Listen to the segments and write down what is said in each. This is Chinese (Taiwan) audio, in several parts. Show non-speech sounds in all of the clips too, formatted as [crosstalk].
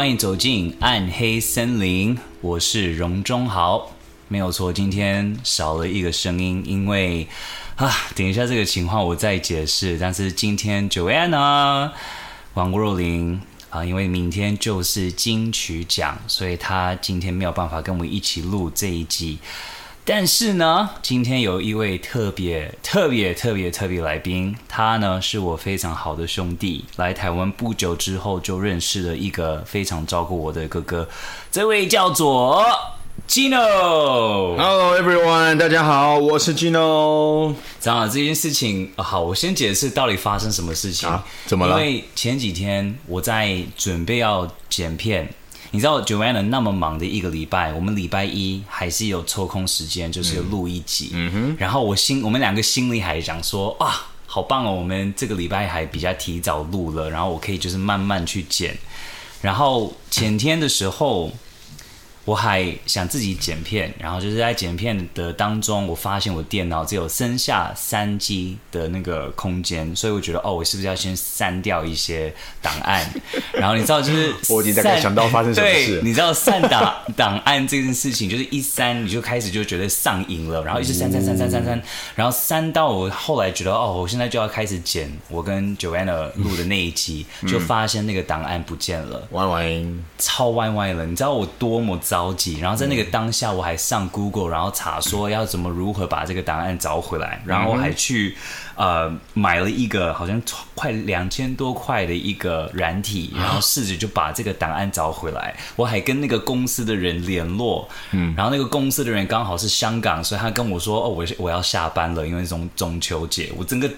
歡迎走進暗黑森林，我是榮忠豪，沒有錯。今天少了一個聲音，因為啊，等一下這個情況我再解釋。但是今天 Joanna、王若琳啊，因為明天就是金曲獎，所以她今天沒有辦法跟我們一起錄這一集。但是呢，今天有一位特別特別特別特別來賓，他呢是我非常好的兄弟，來台灣不久之後就認識了一個非常照顧我的哥哥，這位叫做 Gino。Hello everyone，大家好，我是 Gino。長啊，這件事情、啊、好，我先解釋到底發生什麼事情，啊、怎麼了？因為前幾天我在準備要剪片。你知道 Joanna 那麼忙的一個禮拜，我們禮拜一還是有抽空時間，就是有錄一集。嗯嗯、然後我心，我們兩個心裡還想說，哇，好棒哦，我們這個禮拜還比較提早錄了，然後我可以就是慢慢去剪。然後前天的時候。 [coughs] 我還想自己剪片，然後就是在剪片的當中，我發現我電腦只有剩下三 G 的那個空間，所以我覺得哦，我是不是要先刪掉一些檔案？ [laughs] 然後你知道，就是我已經大概想到發生什麼事。對，你知道刪打檔案這件事情，就是一刪你就開始就覺得上癮了， [laughs] 然後一直刪刪刪刪刪刪，然後刪到我後來覺得哦，我現在就要開始剪我跟 Joanna 錄的那一集，嗯，就發現那個檔案不見了，Y Y，彎超 Y Y 了，你知道我多麼糟。着急，然後在那個當下，我還上 Google，然後查說要怎麼如何把這個檔案找回來，然後我還去呃買了一個好像快兩千多塊的一個軟體，然後試着就把這個檔案找回來。我還跟那個公司的人聯絡，嗯，然後那個公司的人剛好是香港，所以他跟我說哦，我我要下班了，因為中中秋節，我整個。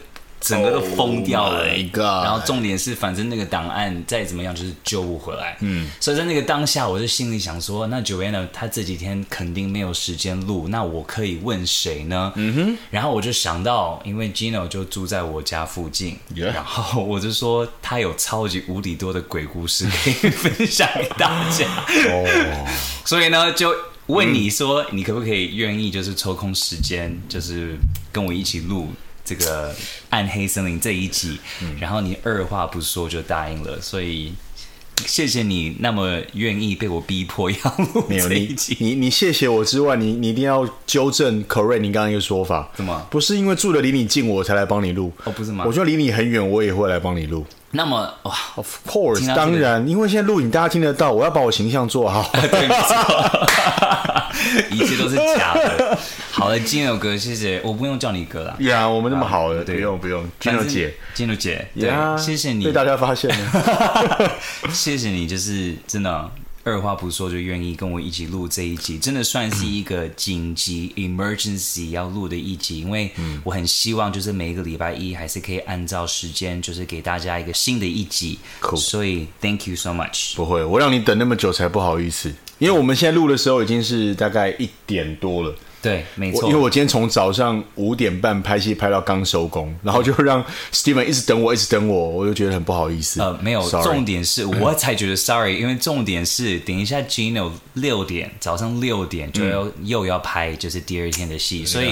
整個都瘋掉了，欸，然後重點是，反正那個檔案再怎麼樣就是救不回來。嗯，所以在那個當下，我就心裡想說，那 Joanna 他這幾天肯定沒有時間錄，那我可以問誰呢？嗯哼。然後我就想到，因為 Gino 就住在我家附近，然後我就說他有超級無敵多的鬼故事可以分享給大家。哦，所以呢，就問你說，你可不可以願意，就是抽空時間，就是跟我一起錄？這個暗黑森林這一集，嗯、然後你二話不說就答應了，所以謝謝你那麼願意被我逼迫要錄這一集。沒有，你你，你謝謝我之外，你你一定要糾正 correct 你剛剛一個說法，什麼？不是因為住的離你近我才來幫你錄？哦，不是嗎？我覺得離你很遠，我也會來幫你錄。那麼哇，of course，當然，因為現在錄影大家聽得到，我要把我形象做好， [laughs] 對，錯哈哈，一切都是假的。好的，Gino 哥，謝謝，我不用叫你哥了，呀，我們那麼好了，不用，啊、對不用，<是 >Gino 姐，Gino 姐，對，啊、謝謝你對，被大家發現了， [laughs] 謝謝你，就是真的。二話不說就願意跟我一起錄這一集，真的算是一個緊急 emergency 要錄的一集，因為我很希望就是每一個禮拜一還是可以按照時間，就是給大家一個新的一集。Cool. 所以，thank you so much。不會，我讓你等那麼久才不好意思，因為我們現在錄的時候已經是大概一點多了。對，沒錯，因為我今天從早上五點半拍戲拍到剛收工，然後就讓 Steven 一直等我，一直等我，我就覺得很不好意思。呃，沒有，Sorry 重點是我才覺得 sorry， [laughs] 因為重點是等一下 Gino 六點，早上六點就要、嗯、又要拍就是第二天的戲，啊、所以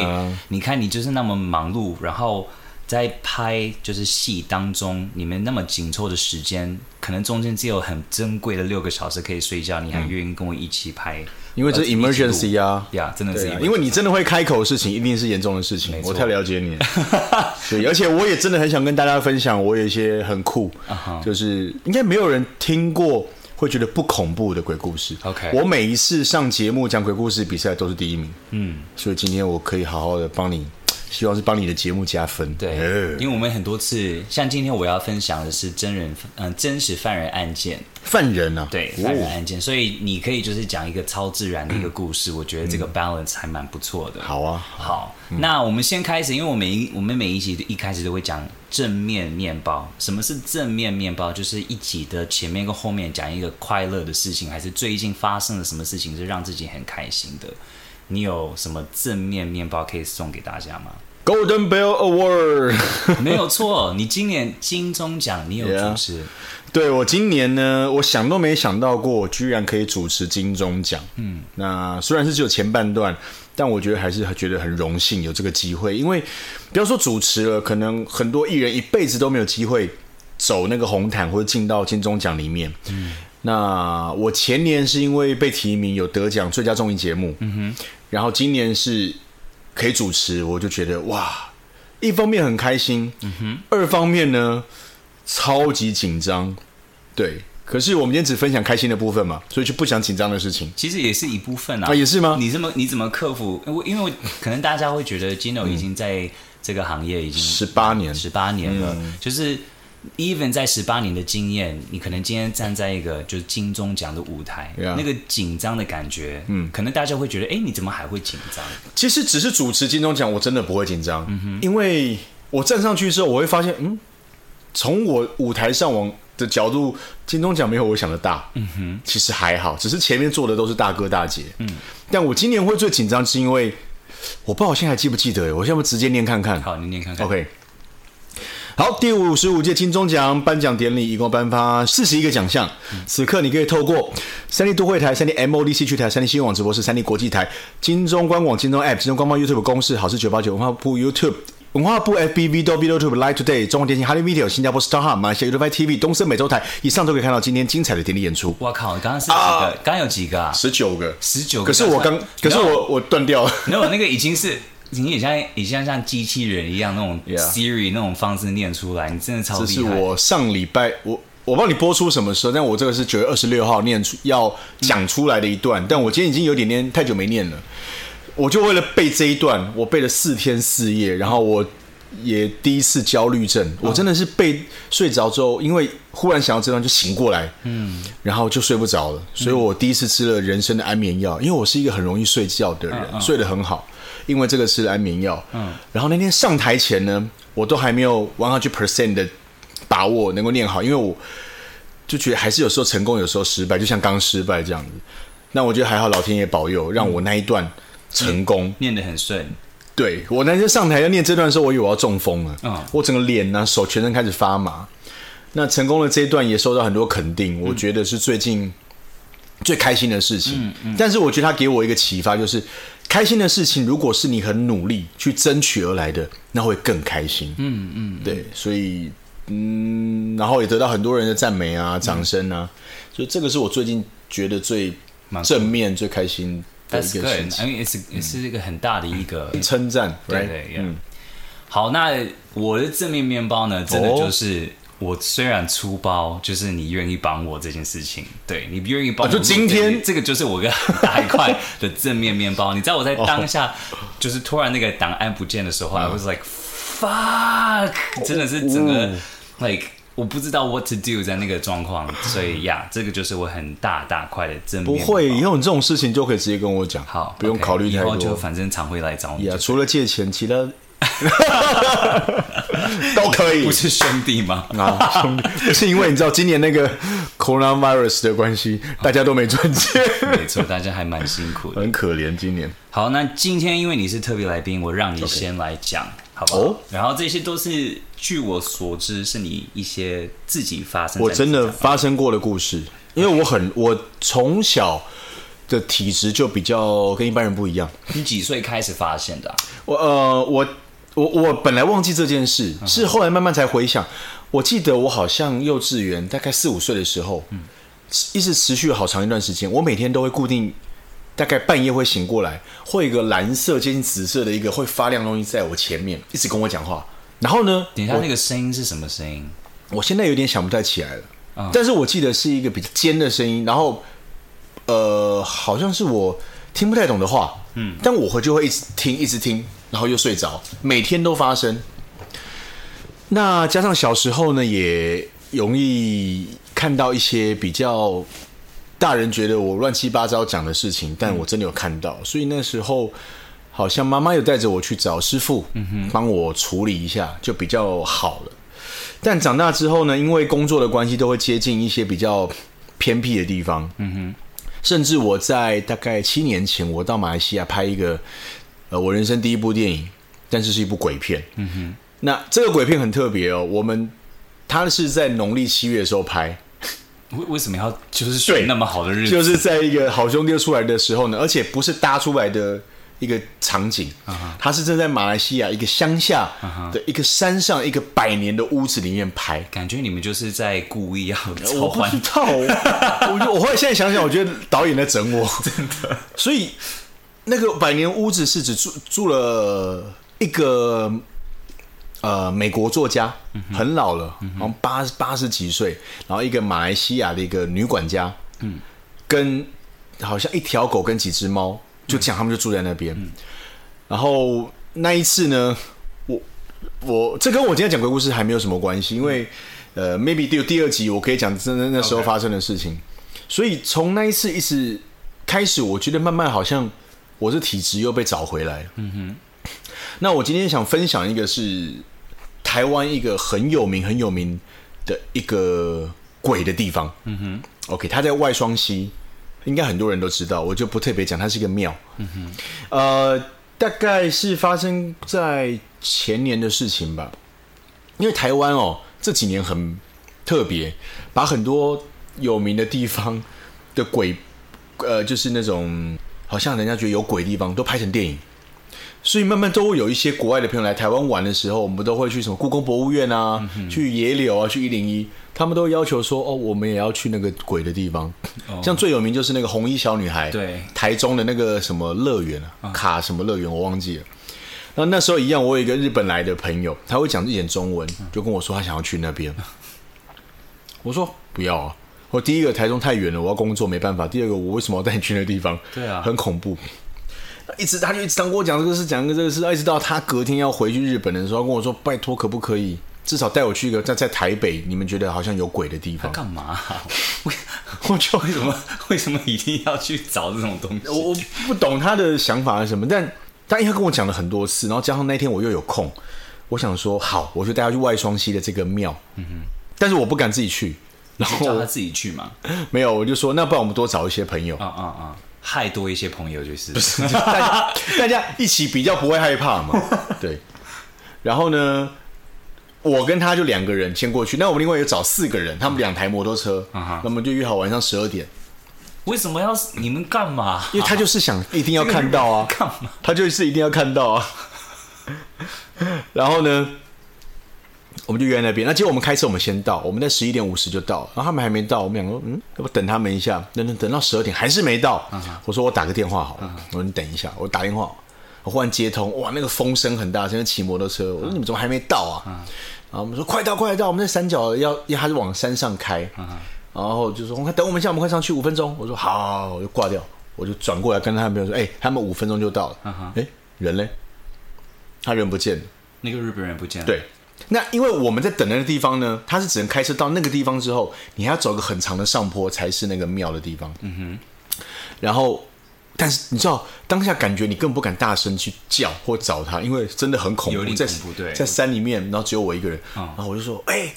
你看你就是那麼忙碌，然後。在拍就是戲當中，你們那麼緊湊的時間，可能中間只有很珍貴的六個小時可以睡覺，嗯、你還願意跟我一起拍？因為這 emergency 啊，呀，yeah, 真的是、emergency，因為你真的會開口的事情，嗯、一定是嚴重的事情。錯我太了解你了。 [laughs] 對，而且我也真的很想跟大家分享，我有一些很酷，uh huh、就是應該沒有人聽過會覺得不恐怖的鬼故事。OK，我每一次上節目講鬼故事比賽都是第一名，嗯，所以今天我可以好好的幫你。希望是幫你的節目加分，對，因為我們很多次，像今天我要分享的是真人，嗯、呃，真實犯人案件，犯人啊，對，哦、犯人案件，所以你可以就是講一個超自然的一個故事，嗯、我覺得這個 balance 還蠻不錯的、嗯。好啊，好，嗯、那我們先開始，因為我們每我們每一集一開始都會講正面面包，什麼是正面面包？就是一集的前面跟後面講一個快樂的事情，還是最近發生了什麼事情是讓自己很開心的？你有什麼正面面包可以送給大家嗎？Golden Bell Award， [laughs] 沒有錯，你今年金鐘獎你有主持？Yeah, 對我今年呢，我想都沒想到過，我居然可以主持金鐘獎。嗯,那雖然是只有前半段，但我覺得還是覺得很榮幸有這個機會，因為不要說主持了，可能很多藝人一輩子都沒有機會走那個紅毯或者進到金鐘獎裡面。嗯，那我前年是因為被提名有得獎最佳綜藝節目。嗯哼。然後今年是，可以主持，我就覺得哇，一方面很開心，嗯哼，二方面呢超級緊張，對。可是我們今天只分享開心的部分嘛，所以就不想緊張的事情。其實也是一部分啊，啊也是嗎？你這麼你怎麼克服？因為可能大家會覺得 Gino 已經在這個行業已經十八年，十八年了，就是。Even 在十八年的經驗，你可能今天站在一個就是金鐘獎的舞台，Yeah. 那個緊張的感覺，嗯，可能大家會覺得，哎、欸，你怎麼還會緊張？其實只是主持金鐘獎，我真的不會緊張，嗯哼，因為我站上去之後，我會發現，嗯，從我舞台上往的角度，金鐘獎沒有我想的大，嗯哼，其實還好，只是前面坐的都是大哥大姐，嗯，但我今年會最緊張，是因為我不知道我現在還記不記得？我要不要直接念看看？好，你念看看，OK。好，第五十五屆金鐘獎頒獎典禮一共頒發四十一個獎項。此刻你可以透過三立都會台、三立 M O D C 區台、三立新聞網直播室、三立國際台、金鐘官網、金鐘 App、金鐘官方 YouTube 公式、好事九八九、文化部 YouTube、文化部 FB v w d e o u e Tube、Live Today、中華電信 Hami Video、新加坡 StarHub、馬來西亞 YouTube TV、東森美洲台，以上都可以看到今天精彩的典禮演出。我靠，剛剛是幾個？呃、剛有幾個、啊？十九個，十九個。可是我剛，no, 可是我 no, 我斷掉了。沒有，那個已經是。你也像也像，像機器人一樣那種 Siri Yeah. 那種方式念出來，你真的超厲害。這是我上禮拜我我忘了你播出什麼時候，但我這個是九月二十六號念出要講出來的一段。嗯、但我今天已經有點念太久沒念了，我就為了背這一段，我背了四天四夜，然後我也第一次焦慮症，嗯、我真的是背睡着之後，因為忽然想到這段就醒過來，嗯，然後就睡不着了，所以我第一次吃了人生的安眠藥，因為我是一個很容易睡覺的人，嗯、睡得很好。因為這個是安眠藥，嗯，然後那天上台前呢，我都還沒有 one hundred percent 的把握能夠念好，因為我就覺得還是有時候成功，有時候失敗，就像剛失敗這樣子。那我覺得還好，老天爺保佑，讓我那一段成功，嗯嗯、念得很順。對，我那天上台要念這段的時候，我以為我要中風了，嗯、我整個臉呢、啊、手、全身開始發麻。那成功的這一段也受到很多肯定，我覺得是最近最開心的事情。嗯嗯、但是我覺得他給我一個啟發就是。開心的事情，如果是你很努力去爭取而來的，那會更開心。嗯嗯，嗯對，所以嗯，然後也得到很多人的讚美啊、掌聲啊，所以、嗯、這個是我最近覺得最正面、最開心的一個事情，也是也是一個很大的一個、嗯、稱讚。嗯、對對，嗯。好，那我的正面面包呢，真的就是、哦我雖然出包，就是你願意幫我這件事情，對你不願意幫、啊，就今天這個就是我一個很大塊的正面面包。 [laughs] 你知道我在當下，oh. 就是突然那個檔案不見的時候、mm.，I was like fuck，真的是整個、oh. like 我不知道 what to do 在那個狀況，所以呀，yeah, 這個就是我很大大塊的正面。不會，以後你這種事情就可以直接跟我講，好，不用考慮太多，okay, 後就反正常會來找你 yeah, 了除了借錢，其他。 [laughs] 都可以，不是兄弟嗎？啊，啊兄弟， [laughs] 是因為你知道今年那個 coronavirus 的關係，大家都沒賺錢， [laughs] 沒錯，大家還蠻辛苦的，很可憐今年。好，那今天因為你是特別來賓，我讓你先來講，Okay. 好不好？Oh? 然後這些都是據我所知是你一些自己發生的，我真的發生過的故事。因為我很，我從小的體質就比較跟一般人不一樣。 [laughs] 你幾歲開始發現的啊？我呃，我。我我本來忘記這件事，是後來慢慢才回想。我記得我好像幼稚園大概四五歲的時候，嗯，一直持續好長一段時間。我每天都會固定，大概半夜會醒過來，會一個藍色接近紫色的一個會發亮的東西在我前面，一直跟我講話。然後呢，等一下我那個聲音是什麼聲音？我現在有點想不太起來了，但是我記得是一個比較尖的聲音，然後呃，好像是我聽不太懂的話，嗯，但我回去會一直聽，一直聽。然後又睡着每天都發生。那加上小時候呢，也容易看到一些比較大人覺得我亂七八糟講的事情，但我真的有看到，嗯、所以那時候好像媽媽有帶着我去找師傅，嗯、哼幫我處理一下就比較好了。但長大之後呢，因為工作的關係，都會接近一些比較偏僻的地方，嗯哼甚至我在大概七年前，我到馬來西亞拍一個。呃，我人生第一部電影，但是是一部鬼片。嗯哼，那這個鬼片很特別哦。我們它是在農曆七月的時候拍，為為什麼要就是選那麼好的日子？就是在一個好兄弟出來的時候呢，而且不是搭出來的一個場景，啊、哈它是正在馬來西亞一個鄉下的一個山上一個百年的屋子裡面拍，啊、感覺你們就是在故意要我不知道， [laughs] 我會現在想想，我覺得導演在整我，真的，所以。那個百年屋子，是指住住了一個呃美國作家，很老了，好像八八十幾歲，然後一個馬來西亞的一個女管家，嗯，跟好像一條狗跟幾隻貓，就講他們就住在那邊。嗯、然後那一次呢，我我這跟我今天講鬼故事還沒有什麼關係，嗯、因為呃，maybe 第二集我可以講真的那時候發生的事情。Okay. 所以從那一次一直開始，我覺得慢慢好像。我的體質又被找回來。嗯哼，那我今天想分享一個是台灣一個很有名很有名的一個鬼的地方。嗯哼，OK，它在外雙溪，應該很多人都知道，我就不特別講。它是一個廟。嗯哼，呃，大概是發生在前年的事情吧？因為台灣哦，這幾年很特別，把很多有名的地方的鬼，呃，就是那種。嗯好像人家覺得有鬼的地方都拍成電影，所以慢慢都會有一些國外的朋友來台灣玩的時候，我們都會去什麼故宮博物院啊，去野柳啊，去一零一，他們都要求說：“哦，我們也要去那個鬼的地方。”像最有名就是那個紅衣小女孩，對，台中的那個什麼樂園啊，卡什麼樂園我忘記了。那那時候一樣，我有一個日本來的朋友，他會講一點中文，就跟我說他想要去那邊。我說不要啊。我第一個台中太遠了，我要工作沒辦法。第二個，我為什麼要帶你去那個地方？對啊，很恐怖。一直他就一直跟我講這個事，講個這個事，他一直到他隔天要回去日本的時候，跟我說：“拜托，可不可以至少帶我去一個在在台北，你們覺得好像有鬼的地方？”幹嘛啊？我，我就為什麼 [laughs] 為什麼一定要去找這種東西？我我不懂他的想法是什麼，但他因為他跟我講了很多次，然後加上那天我又有空，我想說好，我就帶他去外雙溪的這個廟。嗯哼。但是我不敢自己去。然後叫他自己去嘛？沒有，我就說那不然我們多找一些朋友啊啊啊！害、啊啊、多一些朋友就是，不是，大家、大家一起比較不會害怕嘛？ [laughs] 對。然後呢，我跟他就兩個人先過去。那我們另外有找四個人，他們兩台摩托車。那麼、嗯、嘩就約好晚上十二點。為什麼要你們幹嘛？因為他就是想一定要看到啊！幹嘛？他就是一定要看到啊！ [laughs] 然後呢？我們就約在那邊。那結果我們開車，我們先到，我們在十一點五十就到了，然後他們還沒到。我們想說，嗯，要不等他們一下，等等等到十二點還是沒到。Uh huh. 我說我打個電話好了，uh huh. 我說你等一下，我打電話。我忽然接通，哇，那個風聲很大，現在騎摩托車。我說你們怎麼還沒到啊？Uh huh. 然後我們說快到快到，我們在山腳要要，還是往山上開。Uh huh. 然後就說等我們一下，我們快上去五分鐘。我說好，好，好，好，好，好，我就掛掉，我就轉過來跟他們說，哎、欸，他們五分鐘就到了。哎、uh huh. 欸，人嘞？他人不見了。那個日本人也不見了。對。那因為我們在等人的地方呢，他是只能開車到那個地方之後，你還要走個很長的上坡才是那個廟的地方。嗯哼。然後，但是你知道當下感覺你更不敢大聲去叫或找他，因為真的很恐怖，在山裡面，然後只有我一個人。嗯、然後我就說：“哎，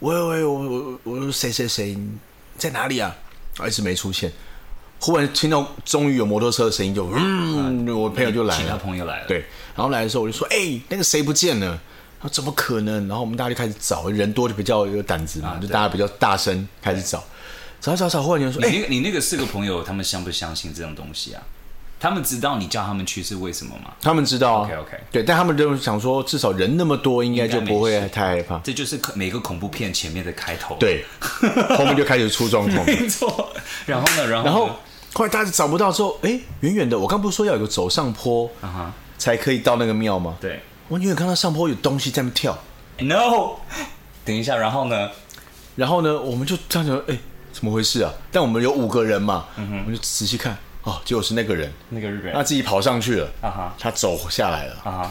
喂喂，我我我說誰誰誰在哪裡啊？”一直沒出現。忽然聽到終於有摩托車的聲音就，就嗯，啊、我朋友就來了。其他朋友來了。對，然後來的時候我就說：“哎、欸，那個誰不見了。”怎麼可能？然後我們大家就開始找，人多就比較有膽子嘛，就大家比較大聲開始找，找找找。後來有人說：“哎，你你那個四個朋友，他們相不相信這種東西啊？他們知道你叫他們去是為什麼嗎？”他們知道啊，OK，OK，對，但他們就想說，至少人那麼多，應該就不會太害怕。這就是每個恐怖片前面的開頭，對，後面就開始出狀況，沒錯。然後呢，然後，後來大家找不到之後，哎，遠遠的，我剛不是說要有個走上坡，啊哈，才可以到那個廟嗎？對。我女友看到上坡有東西在那跳，no，等一下，然後呢，然後呢，我們就這樣講，哎、欸，怎麼回事啊？但我們有五個人嘛，嗯、哼我們就仔細看，哦，結果是那個人，那個日本人，他自己跑上去了，啊哈、uh，huh、他走下來了，啊哈、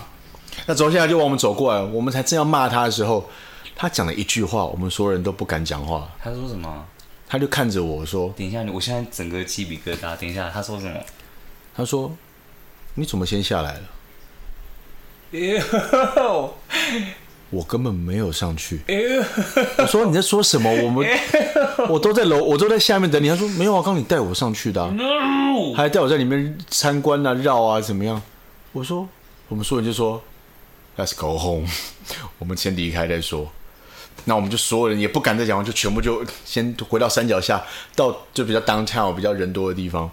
uh，huh、那走下來就往我們走過來了，我們才正要罵他的時候，他講了一句話，我們所有人都不敢講話。他說什麼？他就看着我說，等一下，我現在整個雞皮疙瘩，等一下，他說什麼？他說，你怎麼先下來了？我根本沒有上去。我說你在說什麼？我們我都在樓，我都在下面等你。他說沒有啊，剛你帶我上去的啊，還帶我在裡面參觀啊，繞啊怎麼樣？我說我們所有人就說，Let's go home，我們先離開再說。那我們就所有人也不敢再講話，就全部就先回到山腳下，到就比較 downtown，比較人多的地方。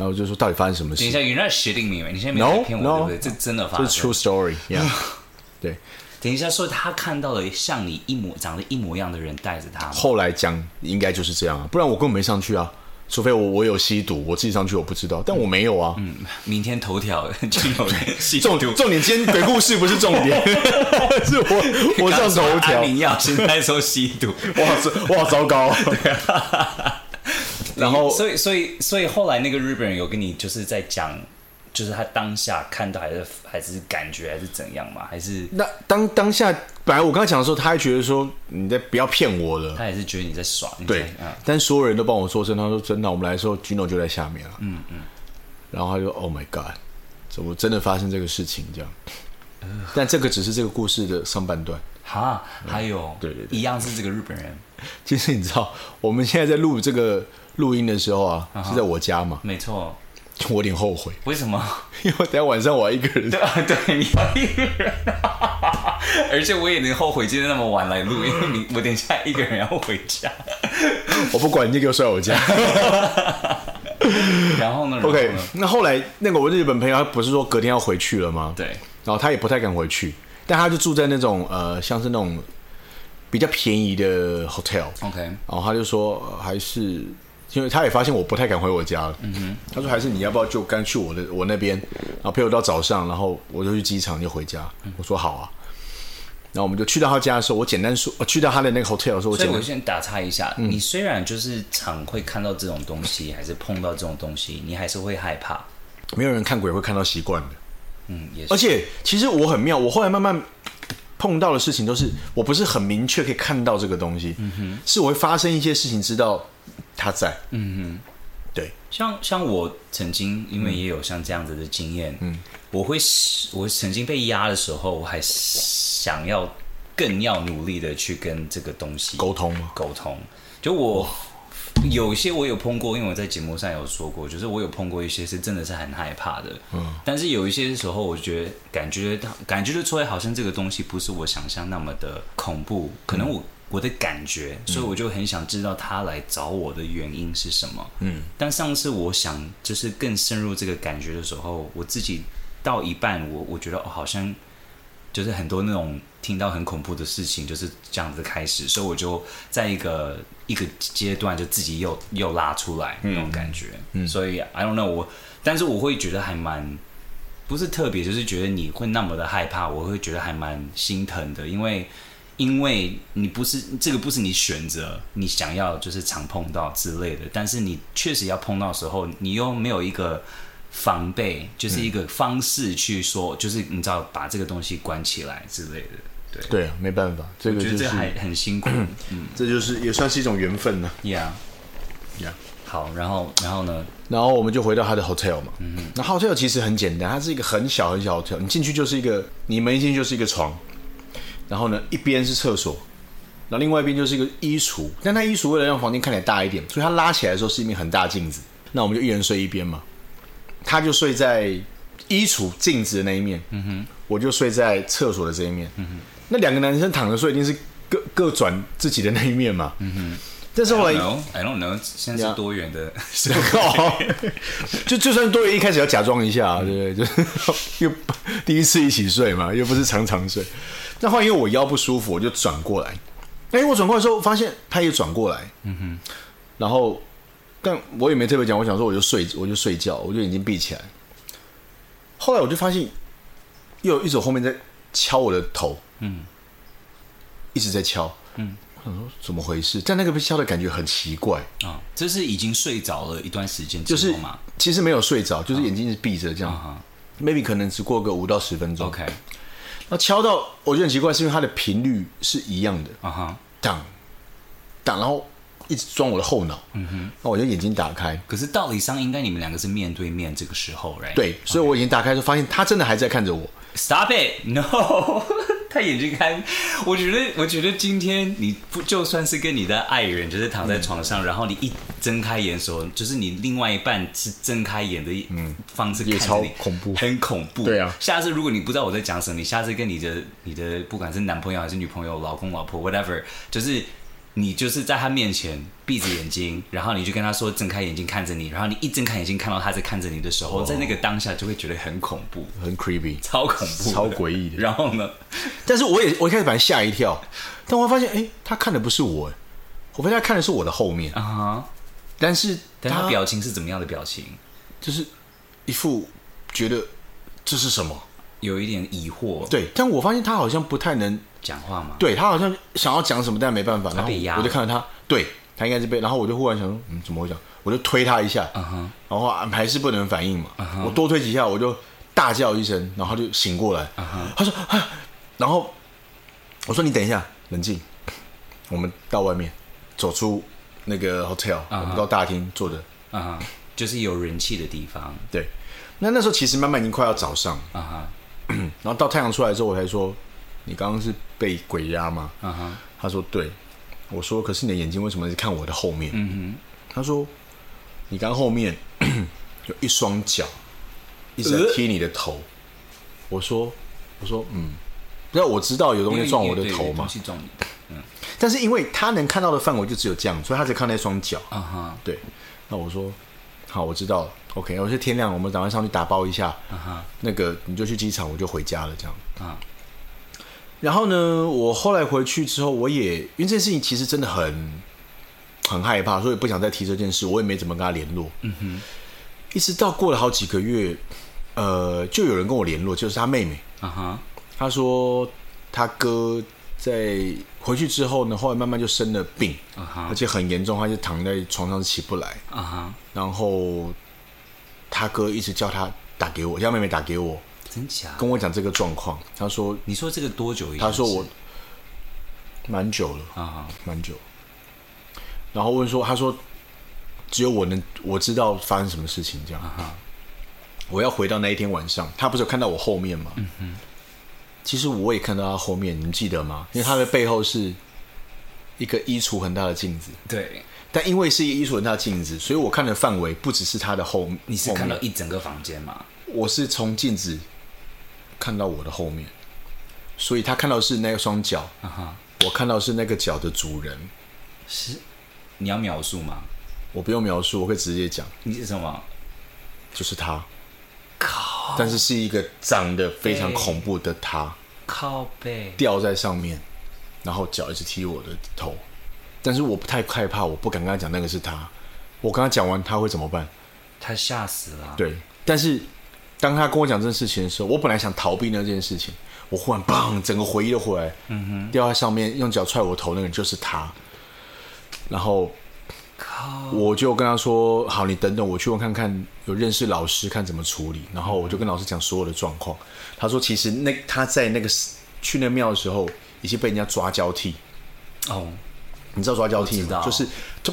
然後就說，到底發生什麼事？等一下，你那設定名。你現在沒在騙我，對 No, no, 這真的發生。這是 true story，yeah, [laughs] 對。等一下，說他看到了像你一模長得一模一樣的人帶着他。後來講應該就是這樣啊，不然我根本沒上去啊。除非我我有吸毒，我自己上去我不知道，但我沒有啊。嗯，明天頭條就有 [laughs] [laughs] 重吸毒，重點今天鬼故事不是重點， [laughs] [laughs] 是我 [laughs] 我上頭條要先在說吸毒， [laughs] 我好我好糟糕啊。 [laughs] 對啊然後，所以，所以，所以後來那個日本人有跟你就是在講，就是他當下看到還是還是感覺還是怎樣嘛？還是那當當下，本來我剛，剛講的時候，他還覺得說你在不要騙我了，他也是覺得你在耍、嗯、你在。對，嗯、但所有人都幫我說真，他說真的，我們來的時候軍 o 就在下面了、啊嗯。嗯嗯，然後他就 Oh my God，怎麼真的發生這個事情？這樣，呃、但這個只是這個故事的上半段啊，哈嗯、還有對，對對，一樣是這個日本人。其實你知道，我們現在在錄這個。錄音的時候啊，是在我家嘛。嗯、沒錯，我有點後悔。為什麼？因為等下晚上我還要一個人。對啊，對你要一個人。而且我也有點後悔，今天那麼晚來錄，因為 [laughs] 我等一下一個人要回家。我不管，你就給我睡我家 [laughs] [laughs] 然、然後呢？OK，那後來那個我日本朋友，他不是說隔天要回去了嗎？對。然後他也不太敢回去，但他就住在那種呃，像是那種比較便宜的 hotel。OK，然後他就說還是。因為他也發現我不太敢回我家了，嗯、哼他說：“還是你要不要就乾脆去我的我那邊，然後陪我到早上，然後我就去機場就回家。嗯”我說：“好啊。”然後我們就去到他家的時候，我簡單說，我去到他的那個 hotel，我說：“我簡單。”所以我先打岔一下，嗯、你雖然就是常會看到這種東西，還是碰到這種東西，你還是會害怕。沒有人看鬼會看到習慣的，嗯，也是。而且其實我很妙，我後來慢慢碰到的事情都是、嗯、我不是很明確可以看到這個東西，嗯、哼是我會發生一些事情知道。他在，嗯嗯哼，對，像像我曾經因為也有像這樣子的經驗，嗯，我會，我曾經被壓的時候，我還想要更要努力的去跟這個東西溝通溝通，通。就我哇有一些我有碰過，因為我在節目上有說過，就是我有碰過一些是真的是很害怕的，嗯，但是有一些時候，我覺得感覺感覺得出來，好像這個東西不是我想象那麼的恐怖，可能我。嗯我的感覺，所以我就很想知道他來找我的原因是什麼。嗯，但上次我想就是更深入這個感覺的時候，我自己到一半我，我我覺得，哦，好像就是很多那種聽到很恐怖的事情就是這樣子開始，所以我就在一個一個階段就自己又又拉出來那種感覺。嗯，嗯，所以 I don't know，我但是我會覺得還蠻不是特別，就是覺得你會那麼的害怕，我會覺得還蠻心疼的，因為。因為你不是這個，不是你選擇，你想要就是常碰到之類的。但是你確實要碰到的時候，你又沒有一個防備，就是一個方式去說，嗯、就是你知道把這個東西關起來之類的。對對啊，沒辦法，我覺得這個就是這個還很辛苦。嗯，這就是也算是一種緣分呢、啊。Yeah, yeah. 好，然後然後呢？然後我們就回到他的 hotel 嘛。嗯嗯，哼。那 hotel 其實很簡單，它是一個很小很小的 hotel，你進去就是一個，你門一進去就是一個床。然後呢，一邊是廁所，然後另外一邊就是一個衣櫥。但那衣櫥為了讓房間看起來大一點，所以他拉起來的時候是一面很大鏡子。那我們就一人睡一邊嘛，他就睡在衣櫥鏡子的那一面，嗯哼，我就睡在廁所的這一面，嗯哼。那兩個男生躺着睡，一定是各各轉自己的那一面嘛，嗯哼。但是後來，I don't know, I don't know，現在是多元的思考，就就算多元，一開始要假裝一下、啊，對不對？就是 [laughs] 又第一次一起睡嘛，又不是常常睡。 [laughs] 那後來因為我腰不舒服，我就轉過來。哎、欸，我轉過來的時候，我發現他也轉過來。嗯哼。然後，但我也沒特別講，我想說，我就睡，我就睡覺，我就眼睛閉起來。後來我就發現，又有一隻手後面在敲我的頭。嗯。一直在敲。嗯。我想說怎麼回事？但那個被敲的感覺很奇怪。啊、哦，這是已經睡着了一段時間之後，就是其實沒有睡着，就是眼睛是閉着這樣。哦哦、哈。Maybe 可能只過個五到十分鐘。OK。那敲到我覺得很奇怪，是因為它的頻率是一樣的，啊哈、uh，擋擋，然後一直撞我的後腦，嗯哼、uh，那、huh. 我就眼睛打開。可是道理上應該你們兩個是面對面這個時候、right? 對，Okay. 所以我眼睛打開就發現他真的還在看着我。Stop it! No. 他眼睛開，我覺得，我覺得今天你不就算是跟你的愛人，就是躺在床上，嗯、然後你一睜開眼的時候，就是你另外一半是睜開眼的，嗯，方式看著你，也超恐怖，很恐怖，對啊。下次如果你不知道我在講什麼，你下次跟你的、你的不管是男朋友還是女朋友、老公老婆，whatever，就是。你就是在他面前閉着眼睛，然後你就跟他說睜開眼睛看着你，然後你一睜開眼睛看到他在看着你的時候，我、哦、在那個當下就會覺得很恐怖，很 creepy，超恐怖，超詭異的。的然後呢？但是我也我一開始把他嚇一跳， [laughs] 但我發現誒、欸，他看的不是我，我發現他看的是我的後面啊。Uh-huh, 但是他，但他表情是怎麼樣的表情？就是一副覺得這是什麼？有一點疑惑，對，但我發現他好像不太能講話嘛，對，他好像想要講什麼，但沒辦法，了然後我就看到他，對，他應該是被，然後我就忽然想說，嗯，怎麼會這樣？我就推他一下，uh huh. 然後還是不能反應嘛，uh huh. 我多推幾下，我就大叫一聲，然後就醒過來，uh huh. 他說啊，然後我說你等一下，冷靜，我們到外面，走出那個 hotel，uh huh. 我們到大廳坐着啊，uh huh. 就是有人氣的地方，對，那那時候其實慢慢已經快要早上，啊、uh huh. 然後到太陽出來之後，我才說，你剛剛是被鬼壓嗎？Uh huh. 他說對，我說可是你的眼睛為什麼在看我的後面？Uh huh. 他說你剛後面有一雙腳一直在踢你的頭。Uh huh. 我說我說嗯，那我知道有東西撞我的頭嘛，uh huh. 但是因為他能看到的範圍就只有這樣，所以他只看那雙腳。對，那我說好，我知道了。OK，我是天亮，我們打快上去打包一下。Uh huh. 那個你就去機場，我就回家了，這樣。啊、uh。Huh. 然後呢，我後來回去之後，我也因為這件事情其實真的很很害怕，所以不想再提這件事。我也沒怎麼跟他聯絡。嗯哼、uh。Huh. 一直到過了好幾個月，呃，就有人跟我聯絡，就是他妹妹。啊哈、uh。Huh. 他說他哥在回去之後呢，後來慢慢就生了病。Uh huh. 而且很嚴重，他就躺在床上起不來。啊、uh huh. 然後。他哥一直叫他打給我，叫妹妹打給我，真假？跟我講這個狀況。他說：“你說這個多久以？”他說我：“我蠻久了，啊、uh，huh. 蠻久。”然後問說：“他說只有我能我知道發生什麼事情？”這樣，uh huh. 我要回到那一天晚上，他不是有看到我後面嗎？Uh huh. 其實我也看到他後面，你們記得嗎？因為他的背後是一個衣櫥很大的鏡子，對、uh。Huh. 但因為是一所大鏡子，所以我看的範圍不只是他的後面，你是看到一整個房間嗎？我是從鏡子看到我的後面，所以他看到是那個雙腳，我看到是那個腳的主人。是你要描述嗎？我不用描述，我可以直接講。你是什麼？就是他。靠北！但是是一個長得非常恐怖的他。靠背北掉在上面，然後腳一直踢我的頭。但是我不太害怕，我不敢跟他講那個是他。我跟他講完，他會怎麼辦？他嚇死了。對，但是當他跟我講這件事情的時候，我本來想逃避那件事情，我忽然砰，整個回憶都回來，嗯哼，掉在上面，用腳踹我頭那個人就是他。然後，我就跟他說：“好，你等等，我去問看看，有認識老師，看怎麼處理。”然後我就跟老師講所有的狀況。他說：“其實那他在那個去那廟的時候，已經被人家抓交替。”哦。你知道抓交替，你知道，就是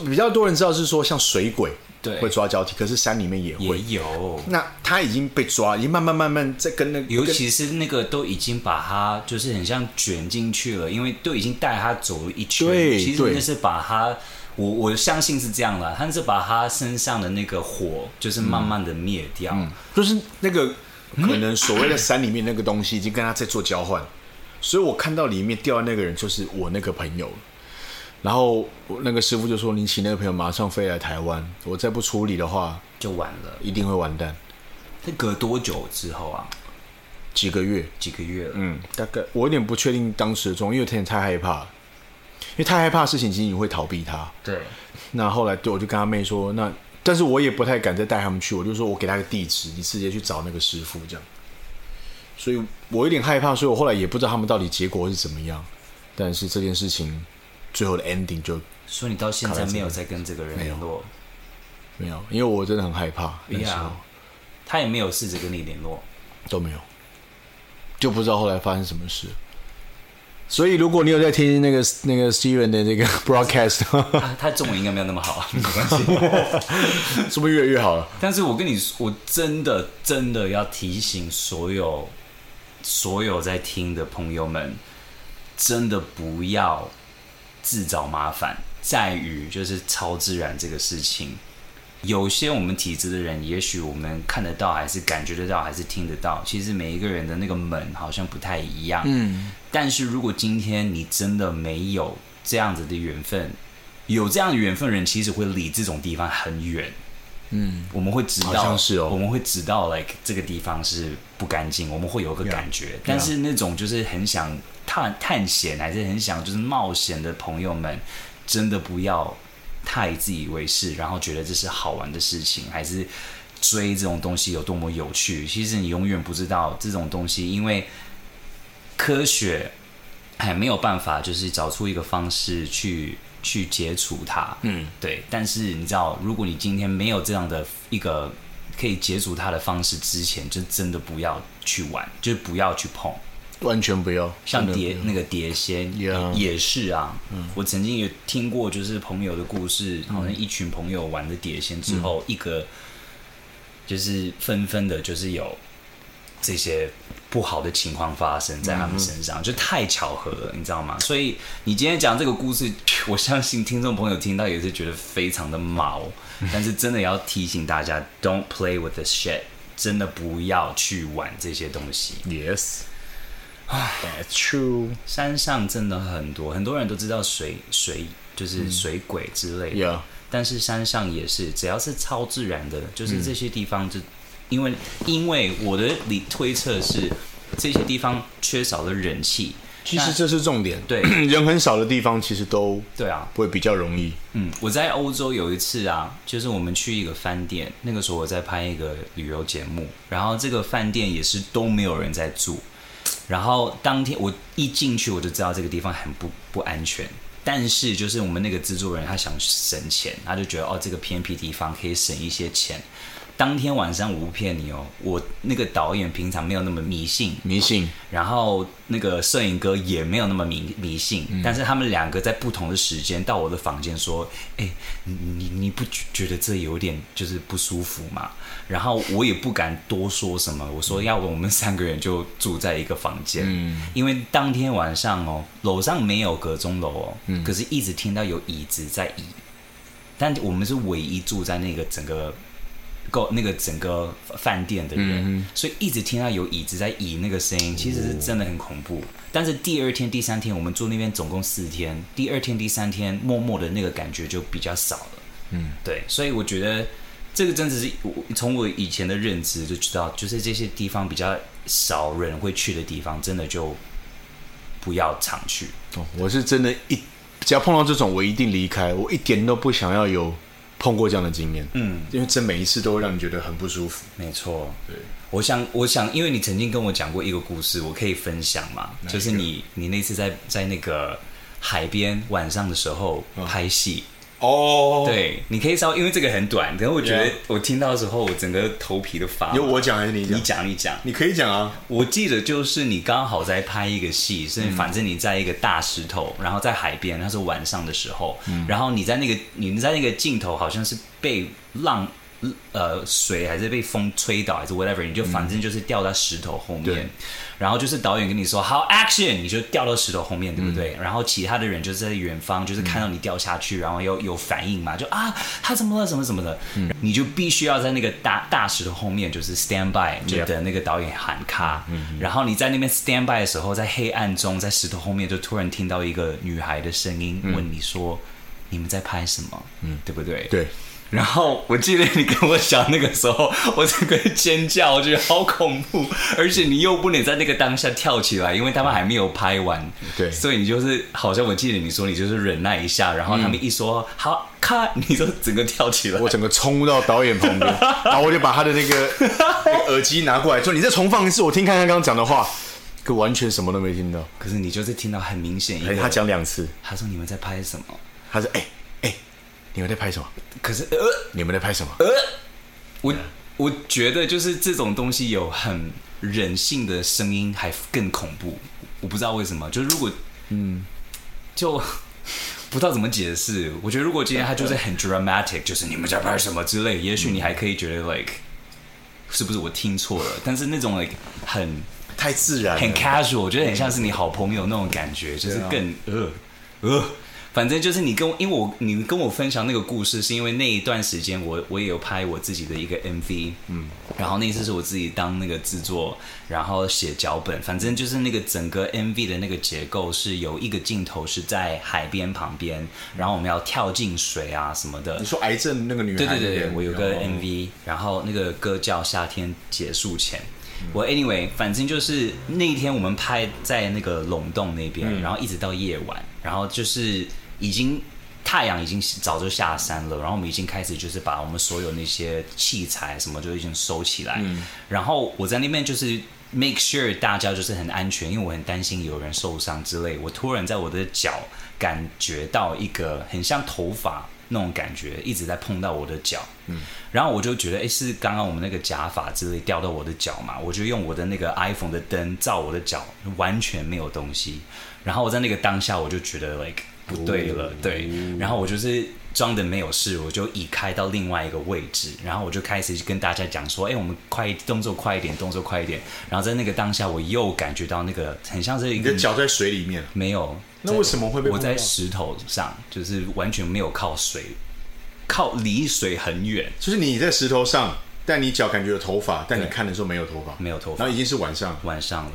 比較多人知道是說像水鬼對，會抓交替，對可是山裡面也會也有。那他已經被抓，已經慢慢慢慢在跟那個，尤其是那個都已經把他就是很像卷進去了，因為都已經帶他走了一圈。對其實就是把他，對我我相信是這樣啦，他是把他身上的那個火就是慢慢的滅掉，嗯嗯，就是那個可能所謂的山裡面那個東西已經跟他在做交換，嗯、所以我看到裡面掉的那個人就是我那個朋友。然後那個師傅就說：“你請那個朋友馬上飛來台灣，我再不處理的話就完了，一定會完蛋。嗯”那隔多久之後啊？幾個月？幾個月了。嗯，大概我有點不確定當時的狀況，因為太太害怕了，因為太害怕事情，其實你會逃避他。對。那後來，對我就跟他妹說：“那但是我也不太敢再帶他們去，我就說我給他個地址，你直接去找那個師傅這樣。”所以我有點害怕，所以我後來也不知道他們到底結果是怎麼樣。但是這件事情。最後的 ending 就說，你到現在沒有在跟這個人聯絡沒，沒有，因為我真的很害怕。那時候，他也沒有試着跟你聯絡？都沒有。就不知道後來發生什麼事。所以如果你有在聽那個 [music] 那個 Steven 的那個 broadcast，他，他中文應該沒有那麼好， [laughs] 沒關係，是 [laughs] 不是越來越好了？但是我跟你說，我真的真的要提醒所有所有在聽的朋友們，真的不要。自找麻煩在於就是超自然這個事情，有些我們體質的人，也許我們看得到，還是感覺得到，還是聽得到。其實每一個人的那個門好像不太一樣。嗯，但是如果今天你真的沒有這樣子的緣分，有這樣的緣分的人，其實會離這種地方很遠。嗯，我們會知道是哦，我們會知道，like 這個地方是不乾淨，我們會有個感覺。嗯，但是那種就是很想。探探險還是很想就是冒險的朋友們，真的不要太自以為是，然後覺得這是好玩的事情，還是追這種東西有多麼有趣？其實你永遠不知道這種東西，因為科學還沒有辦法就是找出一個方式去去解除它。嗯，對。但是你知道，如果你今天沒有這樣的一個可以解除它的方式之前，就真的不要去玩，就不要去碰。完全不要像碟蝶那個碟仙，Yeah. 也是啊。嗯、我曾經也聽過，就是朋友的故事，好像一群朋友玩的碟仙之後，嗯、一個就是紛紛的，就是有這些不好的情況發生在他們身上，嗯、哼就太巧合了，你知道嗎？所以你今天講這個故事，我相信聽眾朋友聽到也是覺得非常的毛。 [laughs] 但是真的要提醒大家 [laughs] ，Don't play with the shit，真的不要去玩這些東西。Yes。哎 t r u e 山上真的很多，很多人都知道水水就是水鬼之類的。嗯、但是山上也是，只要是超自然的，就是這些地方就，嗯、因為因為我的理推測是，這些地方缺少了人氣，其實這是重點。對，人很少的地方其實都對啊，會比較容易。啊、嗯，我在歐洲有一次啊，就是我們去一個飯店，那個時候我在拍一個旅遊節目，然後這個飯店也是都沒有人在住。然後當天我一進去，我就知道這個地方很不不安全，但是就是我們那個制作人，他想省錢，他就覺得哦，這個偏僻地方可以省一些錢。當天晚上，我不騙你哦、喔，我那個導演平常沒有那麼迷信，迷信。然後那個攝影哥也沒有那麼迷迷信，但是他們兩個在不同的時間到我的房間說：“哎、嗯欸，你你你不覺得這有點就是不舒服嗎？”然後我也不敢多說什麼，嗯、我說要不我們三個人就住在一個房間，嗯、因為當天晚上哦、喔，樓上沒有閣鐘樓哦，嗯、可是一直聽到有椅子在椅，但我們是唯一住在那個整個。夠那個整個飯店的人，嗯、哼所以一直聽到有椅子在移那個聲音，嗯、哼其實是真的很恐怖。但是第二天、第三天，我們住那邊總共四天，第二天、第三天，默默的那個感覺就比較少了。嗯，對，所以我覺得這個真的是從我，我以前的認知就知道，就是這些地方比較少人會去的地方，真的就不要常去。哦，我是真的一，一只要碰到這種，我一定離開，我一點都不想要有。碰過這樣的經驗，嗯，因為這每一次都會讓你覺得很不舒服。沒錯，對，我想，我想，因為你曾經跟我講過一個故事，我可以分享嘛，就是你，你那次在在那個海邊晚上的時候拍戲。哦哦，oh, 對，你可以稍微，因為這個很短。等我覺得我聽到的時候，我整個頭皮都發。有我講還是你講？你講，你講，你可以講啊。我記得就是你剛好在拍一個戲，所以反正你在一個大石頭，然後在海邊，那是晚上的時候，嗯、然後你在那個你在那個鏡頭好像是被浪呃水還是被風吹倒還是 whatever，你就反正就是掉到石頭後面。然後就是導演跟你說、嗯、好 action，你就掉到石頭後面，對不對？嗯、然後其他的人就在遠方，就是看到你掉下去，嗯、然後又有反應嘛，就啊，他怎麼了，怎麼怎麼的，嗯、你就必須要在那個大大石頭後面，就是 stand by、嗯、就等那個導演喊咔。嗯、然後你在那邊 stand by 的時候，在黑暗中，在石頭後面，就突然聽到一個女孩的聲音問你說：“嗯、你們在拍什麼？”嗯，對不對？對。然後我記得你跟我講那個時候，我整個尖叫，我覺得好恐怖，而且你又不能在那個當下跳起來，因為他們還沒有拍完。對，所以你就是好像我記得你說你就是忍耐一下，然後他們一說“好、嗯，咔”，你就整個跳起來。我整個衝到導演旁邊，然後我就把他的那個， [laughs] 那個耳機拿過來，說：“你再重放一次，我聽看看剛剛講的話。”可完全什麼都沒聽到。可是你就是聽到很明顯一，他講兩次，他說你們在拍什麼？他說：“哎、欸。”你們在拍什麼？可是呃，你們在拍什麼？呃，我我覺得就是這種東西有很人性的聲音還更恐怖，我不知道為什麼。就是如果嗯，就不知道怎麼解釋。我覺得如果今天他就是很 dramatic，就是你們在拍什麼之類，也許你還可以覺得 like 是不是我聽錯了。嗯、但是那種 like 很太自然，很 casual，對我覺得很像是你好朋友那種感覺，對就是更呃呃。呃反正就是你跟我，因為我你跟我分享那個故事，是因為那一段時間我我也有拍我自己的一個 MV，嗯，然後那一次是我自己當那個製作，嗯、然後寫腳本，反正就是那個整個 MV 的那個結構是有一個鏡頭是在海邊旁邊，嗯、然後我們要跳進水啊什麼的。你說癌症那個女孩？對對對，然後，我有個 MV，然後那個歌叫《夏天結束前》嗯。我 Anyway，反正就是那一天我們拍在那個龍洞那邊，嗯、然後一直到夜晚，然後就是。嗯已經太陽已經早就下山了，然後我們已經開始就是把我們所有那些器材什麼就已經收起來。嗯、然後我在那邊就是 make sure 大家就是很安全，因為我很擔心有人受傷之類。我突然在我的腳感覺到一個很像頭髮那種感覺，一直在碰到我的腳。嗯，然後我就覺得哎，是剛剛我們那個假髮之類掉到我的腳嘛？我就用我的那個 iPhone 的燈照我的腳，完全沒有東西。然後我在那個當下，我就覺得 like。不對了，對，然後我就是裝的沒有事，我就移開到另外一個位置，然後我就開始跟大家講說：“哎、欸，我們快動作快一點，動作快一點。”然後在那個當下，我又感覺到那個很像是一個你的腳在水裡面，沒有。那為什麼會被我在石頭上，就是完全沒有靠水，靠離水很遠。就是你在石頭上，但你腳感覺有頭髮，但你看的時候沒有頭髮，沒有頭髮。然後已經是晚上，晚上了。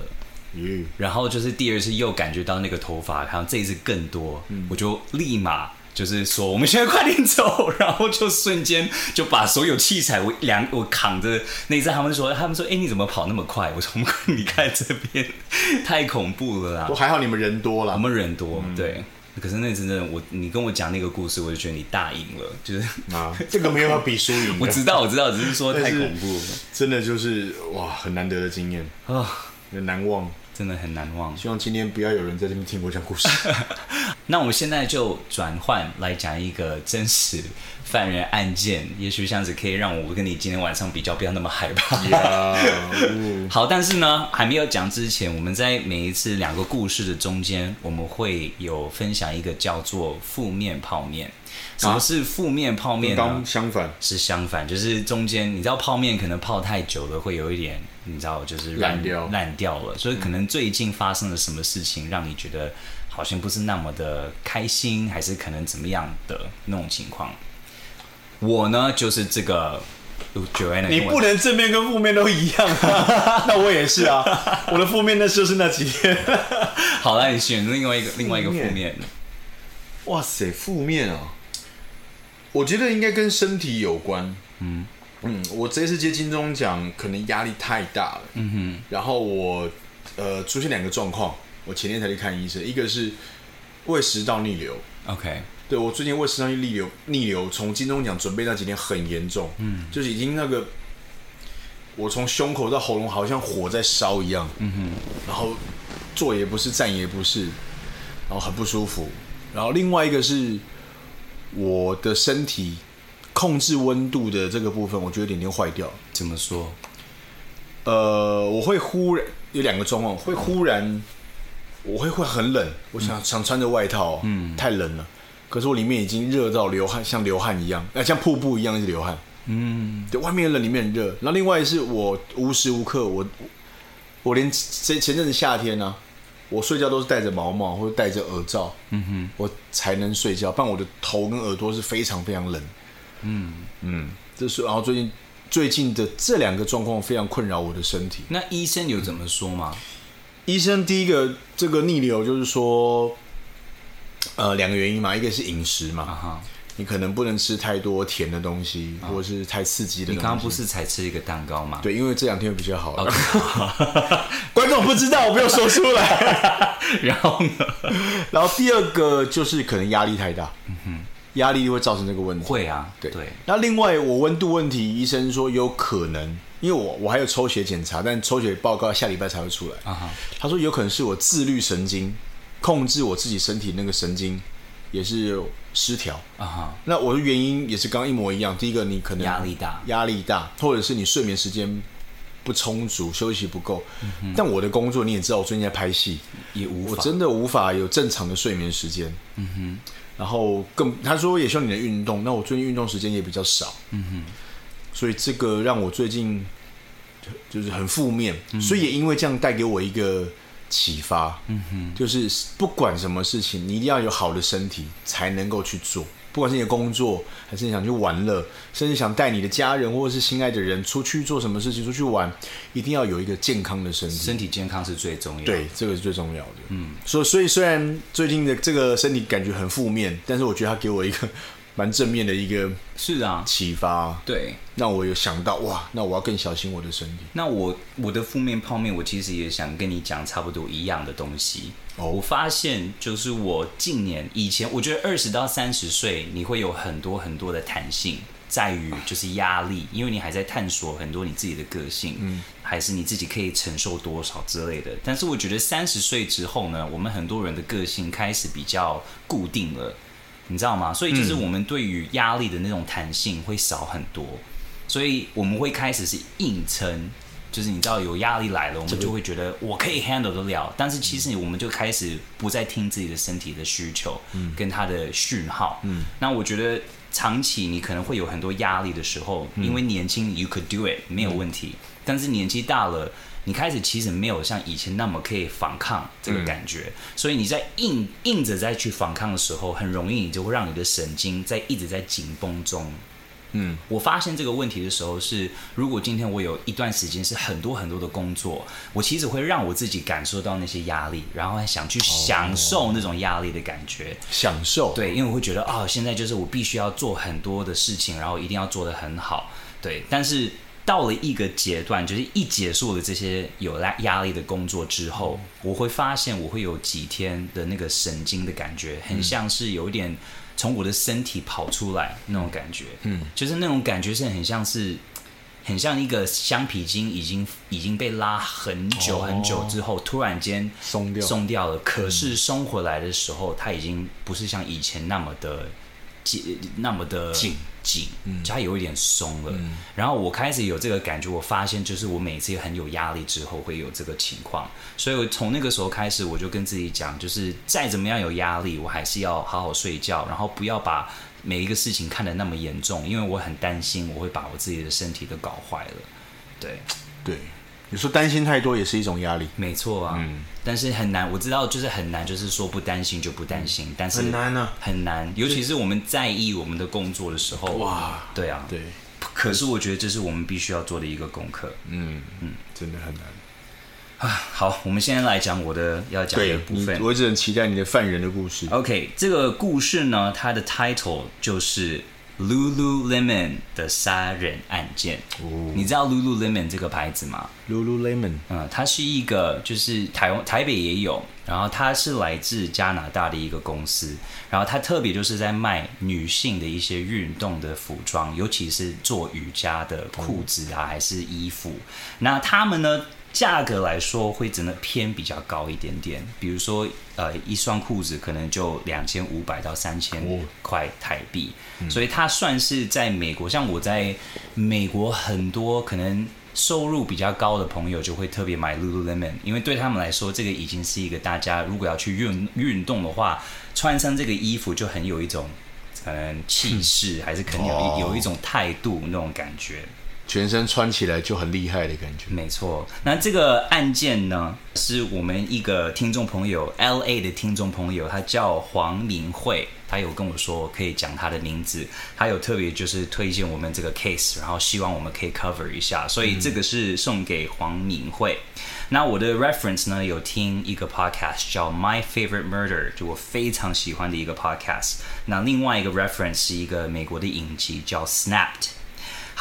[noise] 然後就是第二次又感覺到那個頭髮，然後這一次更多，嗯、我就立馬就是說，我們現在快點走，然後就瞬間就把所有器材我兩我扛着。那一次他們說，他們說，哎、欸，你怎麼跑那麼快？我說，你看這邊太恐怖了啦！我還好你們人多了，我們人多，嗯、對。可是那次真的，我你跟我講那個故事，我就覺得你大贏了，就是、啊、這個沒有要比輸贏。 [laughs] 我知道，我知道，只是說是太恐怖了，真的就是哇，很難得的經驗啊，很難忘。真的很難忘，希望今天不要有人在這邊聽我講故事。 [laughs] 那我們現在就轉換來講一個真實犯人案件，也許這樣子可以讓我跟你今天晚上比較不要那麼害怕。好，但是呢，還沒有講之前，我們在每一次兩個故事的中間，我們會有分享一個叫做負面泡麵。什麼是負面泡麵呢？啊、剛相反是相反，就是中間你知道泡麵可能泡太久了會有一點，你知道就是爛掉爛掉了。所以可能最近發生了什麼事情，嗯、讓你覺得好像不是那麼的開心，還是可能怎麼樣的那種情況。我呢，就是這個 Joanna，你不能正面跟負面都一樣啊！ [laughs] 那我也是啊， [laughs] 我的負面那就是那幾天。 [laughs] 好，那你選另外一個負面，另外一個負面。哇塞，負面啊、哦！我覺得應該跟身體有關。嗯嗯，我這次接金鐘獎，可能壓力太大了。嗯哼。然後我呃出現兩個狀況，我前天才去看醫生，一個是胃食道逆流。OK。對，我最近胃食道逆流，逆流。從金鐘獎準備那幾天很嚴重，嗯、就是已經那個，我從胸口到喉嚨好像火在燒一樣。嗯哼，然後坐也不是，站也不是，然後很不舒服。然後另外一個是我的身體控制溫度的這個部分，我覺得有點點壞掉。怎麼說？呃，我會忽然有兩個狀況，會忽然、哦、我會會很冷，我想、嗯、想穿着外套，嗯，太冷了。可是我裡面已經熱到流汗，像流汗一樣、呃，像瀑布一樣一直流汗。嗯，對，外面冷，裡面很熱。那另外是我無時無刻，我我連前前陣子夏天呢、啊，我睡覺都是戴着毛毛或者戴着耳罩，嗯哼，我才能睡覺。不然我的頭跟耳朵是非常非常冷。嗯嗯，這、嗯就是。然後最近最近的這兩個狀況非常困擾我的身體。那醫生有怎麼說嗎？嗯、醫生第一個這個逆流就是說。呃，兩個原因嘛，一個是飲食嘛，你可能不能吃太多甜的東西，或者是太刺激的。你剛剛不是才吃一個蛋糕嗎？對，因為這兩天比較好了。觀眾不知道，我不要說出來。然後呢，然後第二個就是可能壓力太大，嗯哼，壓力會造成這個問題。會啊，對對。那另外，我溫度問題，醫生說有可能，因為我我還有抽血檢查，但抽血報告下禮拜才會出來。他說有可能是我自律神經。控制我自己身體那個神經也是失調啊、uh huh. 那我的原因也是剛剛一模一樣。第一個，你可能壓力大，壓力大，或者是你睡眠時間不充足，休息不夠。嗯、哼但我的工作你也知道，我最近在拍戲，也無我真的無法有正常的睡眠時間。嗯哼。然後更他說也需要你的運動，那我最近運動時間也比較少。嗯哼。所以這個讓我最近就是很負面，嗯、哼所以也因為這樣帶給我一個。啟發，嗯哼，就是不管什麼事情，你一定要有好的身體才能夠去做。不管是你的工作，還是你想去玩樂，甚至想帶你的家人或者是心愛的人出去做什麼事情，出去玩，一定要有一個健康的身體。身體健康是最重要的。對，這個是最重要的。嗯，所以，所以雖然最近的這個身體感覺很負面，但是我覺得他給我一個。蠻正面的一個啊，是啊，啟發對。那我有想到哇，那我要更小心我的身體。那我我的負面泡麵，我其實也想跟你講差不多一樣的東西。哦，我發現就是我近年以前，我覺得二十到三十歲你會有很多很多的彈性，在於就是壓力，唉因為你還在探索很多你自己的個性，嗯，還是你自己可以承受多少之類的。但是我覺得三十歲之後呢，我們很多人的個性開始比較固定了。你知道嗎？所以就是我們對於壓力的那種彈性會少很多，嗯、所以我們會開始是硬撐，就是你知道有壓力來了，我們就會覺得我可以 handle 得了。但是其實我們就開始不再聽自己的身體的需求，嗯，嗯，跟他的訊號，嗯。那我覺得長期你可能會有很多壓力的時候，嗯、因為年輕 you could do it 沒有問題，嗯、但是年紀大了。你開始其實沒有像以前那麼可以反抗這個感覺，嗯、所以你在硬硬着再去反抗的時候，很容易你就會讓你的神經在一直在緊繃中。嗯，我發現這個問題的時候是，如果今天我有一段時間是很多很多的工作，我其實會讓我自己感受到那些壓力，然後還想去享受那種壓力的感覺，享受。對，因為我會覺得哦，現在就是我必須要做很多的事情，然後一定要做得很好，對，但是。到了一個階段，就是一結束了這些有壓壓力的工作之後，我會發現我會有幾天的那個神經的感覺，很像是有一點從我的身體跑出來那種感覺。嗯，就是那種感覺是很像是，很像一個橡皮筋已經已經被拉很久很久之後，哦、突然間鬆掉鬆掉了，可是鬆回來的時候，嗯、它已經不是像以前那麼的緊，那麼的緊。嗯緊，它有一點鬆了。嗯，然後我開始有這個感覺，我發現就是我每次也很有壓力之後會有這個情況，所以我從那個時候開始，我就跟自己講，就是再怎麼樣有壓力，我還是要好好睡覺，然後不要把每一個事情看得那麼嚴重，因為我很擔心我會把我自己的身體都搞壞了。對，對。有時候擔心太多也是一種壓力，沒錯啊。嗯，但是很難，我知道，就是很難，就是說不擔心就不擔心，但是很難，很難啊，很難。尤其是我們在意我們的工作的時候，哇，對啊，對。可是，可是我覺得這是我們必須要做的一個功課。嗯嗯，嗯，真的很難啊。好，我們現在來講我的要講的部分，我只能期待你的犯人的故事。OK，這個故事呢，它的 title 就是。Lululemon 的殺人案件，哦、你知道 Lululemon 這個牌子嗎？Lululemon，嗯，它是一個就是台灣台北也有，然後它是來自加拿大的一個公司，然後它特別就是在賣女性的一些運動的服裝，尤其是做瑜伽的褲子啊、嗯、還是衣服，那他們呢？價格來說，會真的偏比較高一點點，比如說，呃，一雙褲子可能就兩千五百到三千塊台幣，哦、嗯、所以它算是在美國。像我在美國，很多可能收入比較高的朋友就會特別買 Lululemon，因為對他們來說，這個已經是一個大家如果要去運運動的話，穿上這個衣服就很有一種嗯，氣勢，還是肯定有一有一種態度那種感覺。哦全身穿起來就很厲害的感覺。沒錯，那這個案件呢，是我們一個聽眾朋友 L.A. 的聽眾朋友，他叫黃明慧，他有跟我說我可以講他的名字，他有特別就是推薦我們這個 case，然後希望我們可以 cover 一下，所以這個是送給黃明慧。嗯。那我的 reference 呢，有聽一個 podcast 叫 My Favorite Murder，就我非常喜歡的一個 podcast。那另外一個 reference 是一個美國的影集叫 Snapped。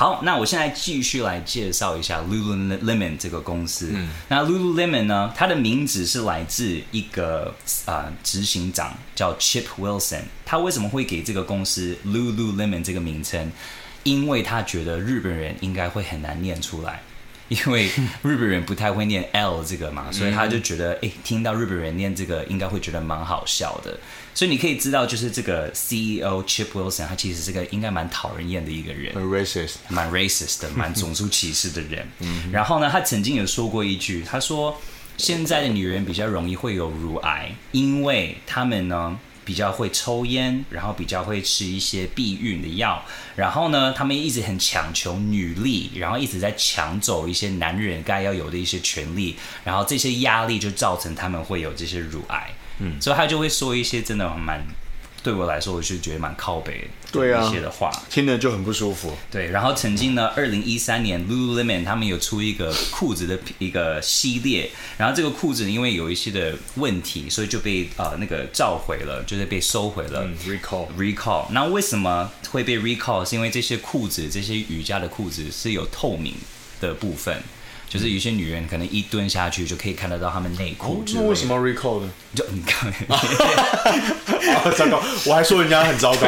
好，那我現在繼續來介紹一下 Lululemon 這個公司。嗯、那 Lululemon 呢，它的名字是來自一個啊，呃、執行長叫 Chip Wilson。他為什麼會給這個公司 Lululemon 這個名稱？因為他覺得日本人應該會很難念出來。 [laughs] 因為日本人不太會念 L 這個嘛，所以他就覺得，誒、欸、聽到日本人念這個，應該會覺得蠻好笑的。所以你可以知道，就是這個 CEO Chip Wilson 他其實是個應該蠻討人厭的一個人，蠻 A racist，蠻 racist 的，蠻種族歧視的人。 [laughs] 嗯、哼然後呢，他曾經有說過一句，他說現在的女人比較容易會有乳癌，因為他們呢。比較會抽菸，然後比較會吃一些避孕的藥，然後呢，他們一直很強求女力，然後一直在搶走一些男人該要有的一些權利，然後這些壓力就造成他們會有這些乳癌，嗯，所以他就會說一些真的蠻。對我來說，我是覺得蠻靠北。對啊，一些的話，啊、聽着就很不舒服。對，然後曾經呢，二零一三年，Lululemon 他們有出一個褲子的一個系列，然後這個褲子因為有一些的問題，所以就被呃那個召回了，就是被收回了，recall recall。那、嗯、rec rec 為什麼會被 recall？是因為這些褲子，這些瑜伽的褲子是有透明的部分。就是有些女人可能一蹲下去就可以看得到她們內褲。哦，為什麼 recall？就你糟糕，我還說人家很糟糕，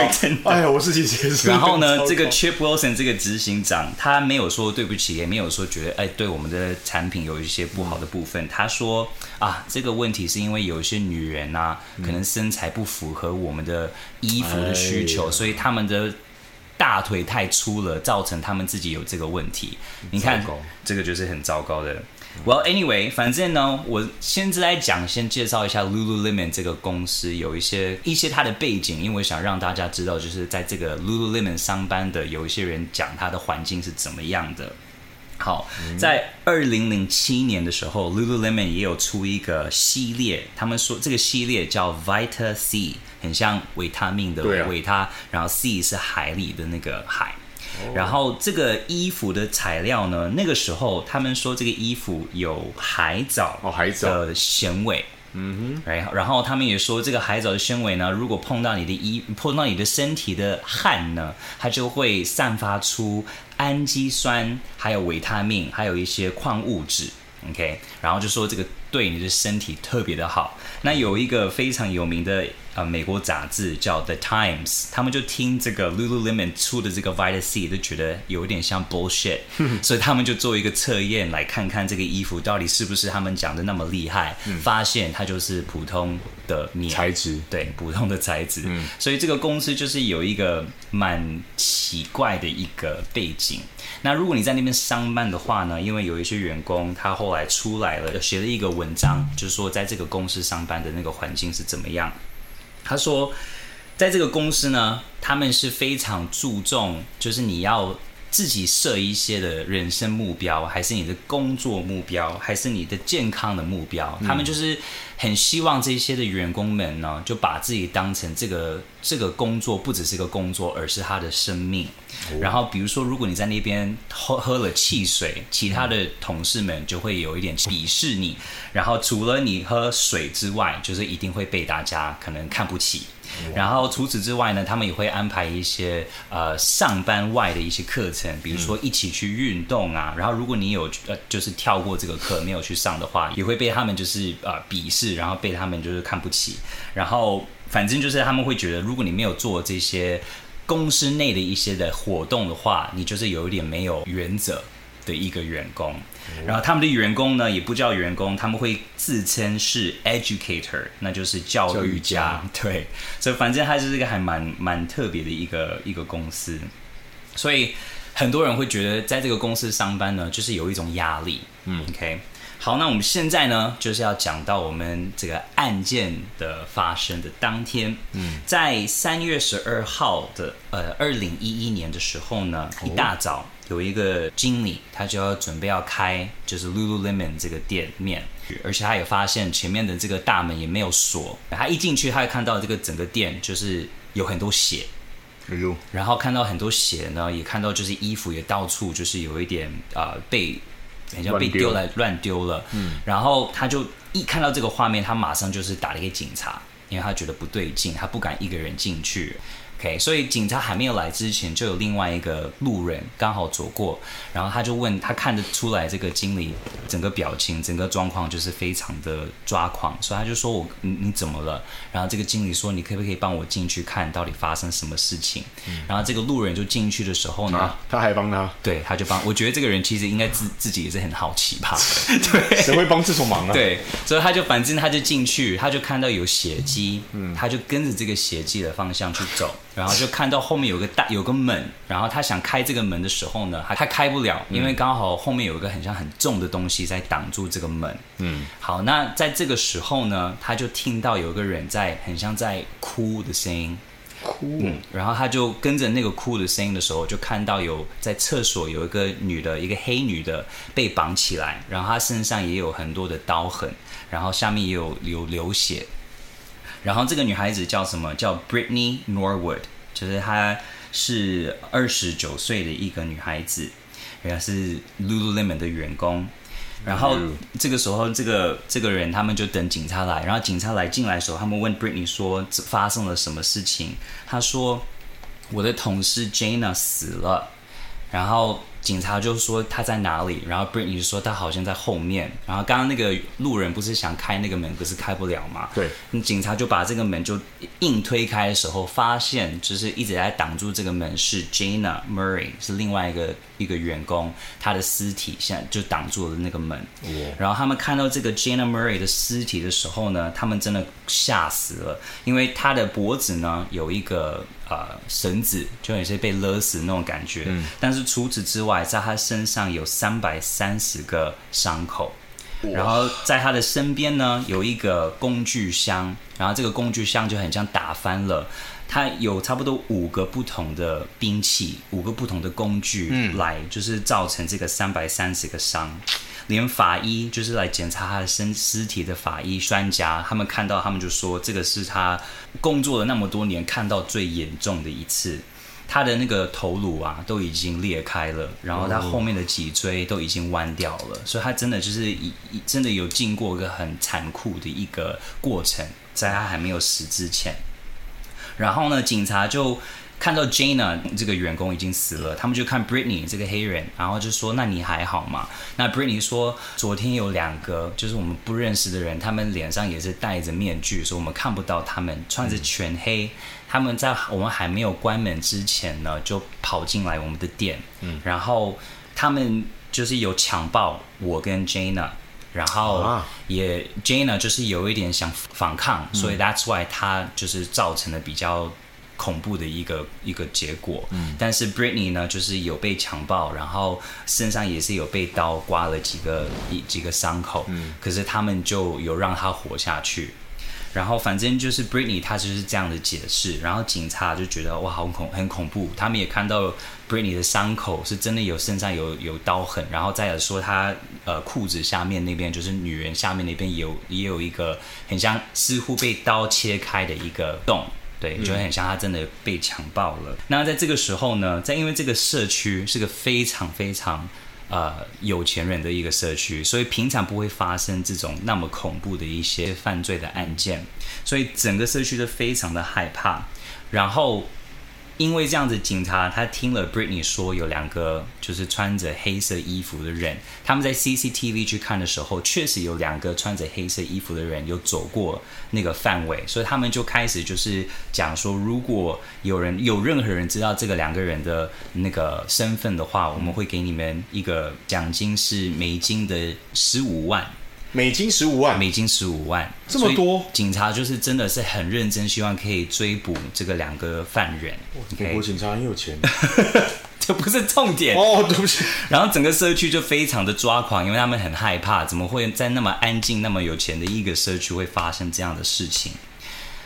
哎呀，我自己也是。然後呢，這個 Chip Wilson 這個執行長，他沒有說對不起，也沒有說覺得哎、欸、對我們的產品有一些不好的部分，嗯、他說啊，這個問題是因為有一些女人啊，可能身材不符合我們的衣服的需求，哎、所以他們的。大腿太粗了，造成他們自己有這個問題。你看，糟糕。這個就是很糟糕的。Well，anyway，反正呢，我先來講，先介紹一下 Lululemon 這個公司有一些一些它的背景，因為我想讓大家知道，就是在這個 Lululemon 上班的有一些人講他的環境是怎麼樣的。好，在二零零七年的時候，Lululemon 也有出一個系列，他們說這個系列叫 Vita C，很像維他命的維他，啊、然後 C 是海裡的那個海，哦、然後這個衣服的材料呢，那個時候他們說這個衣服有海藻哦，海藻的纖維，嗯哼、哦，然後他們也說這個海藻的纖維呢，如果碰到你的衣，碰到你的身體的汗呢，它就會散發出。氨基酸，還有維他命，還有一些礦物質，OK，然後就說這個對你的身體特別的好。那有一個非常有名的。呃美國雜誌叫《The Times》，他們就聽這個 Lululemon 出的這個 Vitacy 都覺得有點像 bullshit， [laughs] 所以他們就做一個測驗，來看看這個衣服到底是不是他們講的那麼厲害。嗯、發現它就是普通的棉，材質質，對普通的材質。嗯、所以這個公司就是有一個蠻奇怪的一個背景。那如果你在那邊上班的話呢，因為有一些員工他後來出來了，寫了一個文章，就是說在這個公司上班的那個環境是怎麼樣。他說，在這個公司呢，他們是非常注重，就是你要。自己設一些的人生目標，還是你的工作目標，還是你的健康的目標，嗯、他們就是很希望這些的員工們呢，就把自己當成這個這個工作，不只是個工作，而是他的生命。哦、然後，比如說，如果你在那邊喝喝了汽水，其他的同事們就會有一點鄙視你。然後，除了你喝水之外，就是一定會被大家可能看不起。然後除此之外呢，他們也會安排一些呃上班外的一些課程，比如說一起去運動啊。嗯、然後如果你有呃就是跳過這個課 [laughs] 沒有去上的話，也會被他們就是呃鄙視，然後被他們就是看不起。然後反正就是他們會覺得，如果你沒有做這些公司內的一些的活動的話，你就是有一點沒有原則的一個員工，oh. 然後他們的員工呢，也不叫員工，他們會自稱是 educator，那就是教育家，教育家對，所以反正它就是一個還蠻蠻特別的一個一個公司，所以很多人會覺得在這個公司上班呢，就是有一種壓力。嗯，OK，好，那我們現在呢就是要講到我們這個案件的發生的當天。嗯，在三月十二號的呃二零一一年的時候呢，oh. 一大早。有一個經理，他就要準備要開，就是 Lululemon 這個店面，而且他也發現前面的這個大門也沒有鎖。他一進去，他看到這個整個店就是有很多血，然後看到很多血呢，也看到就是衣服也到處就是有一點啊、呃、被，人家被丟來亂丟了，嗯。然後他就一看到這個畫面，他馬上就是打了一個警察，因為他覺得不對勁，他不敢一個人進去。Okay, 所以警察還沒有來之前，就有另外一個路人剛好走過，然後他就問他，看得出來這個經理整個表情、整個狀況就是非常的抓狂，所以他就說我：“我你你怎麼了？”然後這個經理說：“你可不可以幫我進去看到底發生什麼事情？”嗯、然後這個路人就進去的時候呢，啊、後他還幫他，對，他就幫。我覺得這個人其實應該自自己也是很好奇吧， [laughs] 對，誰會幫這種忙啊？對，所以他就反正他就進去，他就看到有血跡，嗯，他就跟着這個血跡的方向去走。然後就看到後面有個大有個門，然後他想開這個門的時候呢他，他開不了，因為剛好後面有一個很像很重的東西在擋住這個門。嗯，好，那在這個時候呢，他就聽到有個人在很像在哭的聲音，哭。嗯，然後他就跟着那個哭的聲音的時候，就看到有在廁所有一個女的，一個黑女的被綁起來，然後她身上也有很多的刀痕，然後下面也有有流血。然後這個女孩子，叫什麼？叫 Britney Norwood，就是她是二十九歲的一個女孩子，原來是 Lululemon 的員工。然後這個時候，這個這個人他們就等警察來。然後警察來進來的時候，他們問 Britney 說發生了什麼事情。她說我的同事 Jana 死了。然後。警察就說，他在哪裡？然後 Britney 就說他好像在後面，然後剛剛那個路人不是想開那個門，可是開不了嘛。對，那警察就把這個門就硬推開的時候，發現就是一直在擋住這個門是 Jayna Murray，是另外一個。一個員工，他的屍體現在就擋住了那個門。哇然後他們看到這個 Jana Murray 的屍體的時候呢，他們真的嚇死了，因為他的脖子呢有一個呃繩子，就有些被勒死那種感覺。嗯、但是除此之外，在他身上有三百三十個傷口。哇然後在他的身邊呢有一個工具箱，然後這個工具箱就很像打翻了。他有差不多五個不同的兵器，五個不同的工具來，就是造成這個三百三十個傷。嗯、連法醫就是來檢查他的身屍體的法醫專家，他們看到他們就說，這個是他工作了那麼多年看到最嚴重的一次。他的那個頭顱啊，都已經裂開了，然後他後面的脊椎都已經彎掉了，哦、所以他真的就是一真的有經過一個很殘酷的一個過程，在他還沒有死之前。然後呢，警察就看到 Jayna 這個員工已經死了，他們就看 Britney 這個黑人，然後就說：“那你還好嗎？”那 Britney 說：“昨天有兩個就是我們不認識的人，他們臉上也是戴着面具，所以我們看不到他們，穿着全黑，嗯、他們在我們還沒有關門之前呢，就跑進來我們的店，嗯，然後他們就是有強暴我跟 Jayna。”然後也 Jana 就是有一點想反抗，嗯，所以 That's why 他就是造成了比較恐怖的一個一個結果。嗯，但是 Britney 呢，就是有被強暴，然後身上也是有被刀刮了幾個一幾個傷口。嗯，可是他們就有讓他活下去。然後反正就是 Britney，她就是這樣的解釋。然後警察就覺得哇，好恐很恐怖。他們也看到了 Britney 的傷口，是真的有身上有有刀痕。然後再來說她呃褲子下面那邊，就是女人下面那邊也有也有一個很像似乎被刀切開的一個洞，對，就很像她真的被強暴了。嗯、那在這個時候呢，在因為這個社區是個非常非常。呃，有錢人的一個社區，所以平常不會發生這種那麼恐怖的一些犯罪的案件，所以整個社區都非常的害怕，然後。因為這樣子，警察他聽了 Britney 說有兩個就是穿着黑色衣服的人，他們在 CCTV 去看的時候，確實有兩個穿着黑色衣服的人有走過那個範圍，所以他們就開始就是講說，如果有人有任何人知道這個兩個人的那個身份的話，我們會給你們一個獎金是美金的十五萬。美金十五萬、啊，美金十五萬，這麼多警察就是真的是很認真，希望可以追捕這個兩個犯人。美國警察很有錢，這 Okay? [laughs] 不是重點哦，對不起。然後整個社區就非常的抓狂，因為他們很害怕，怎麼會在那麼安靜、那麼有錢的一個社區會發生這樣的事情？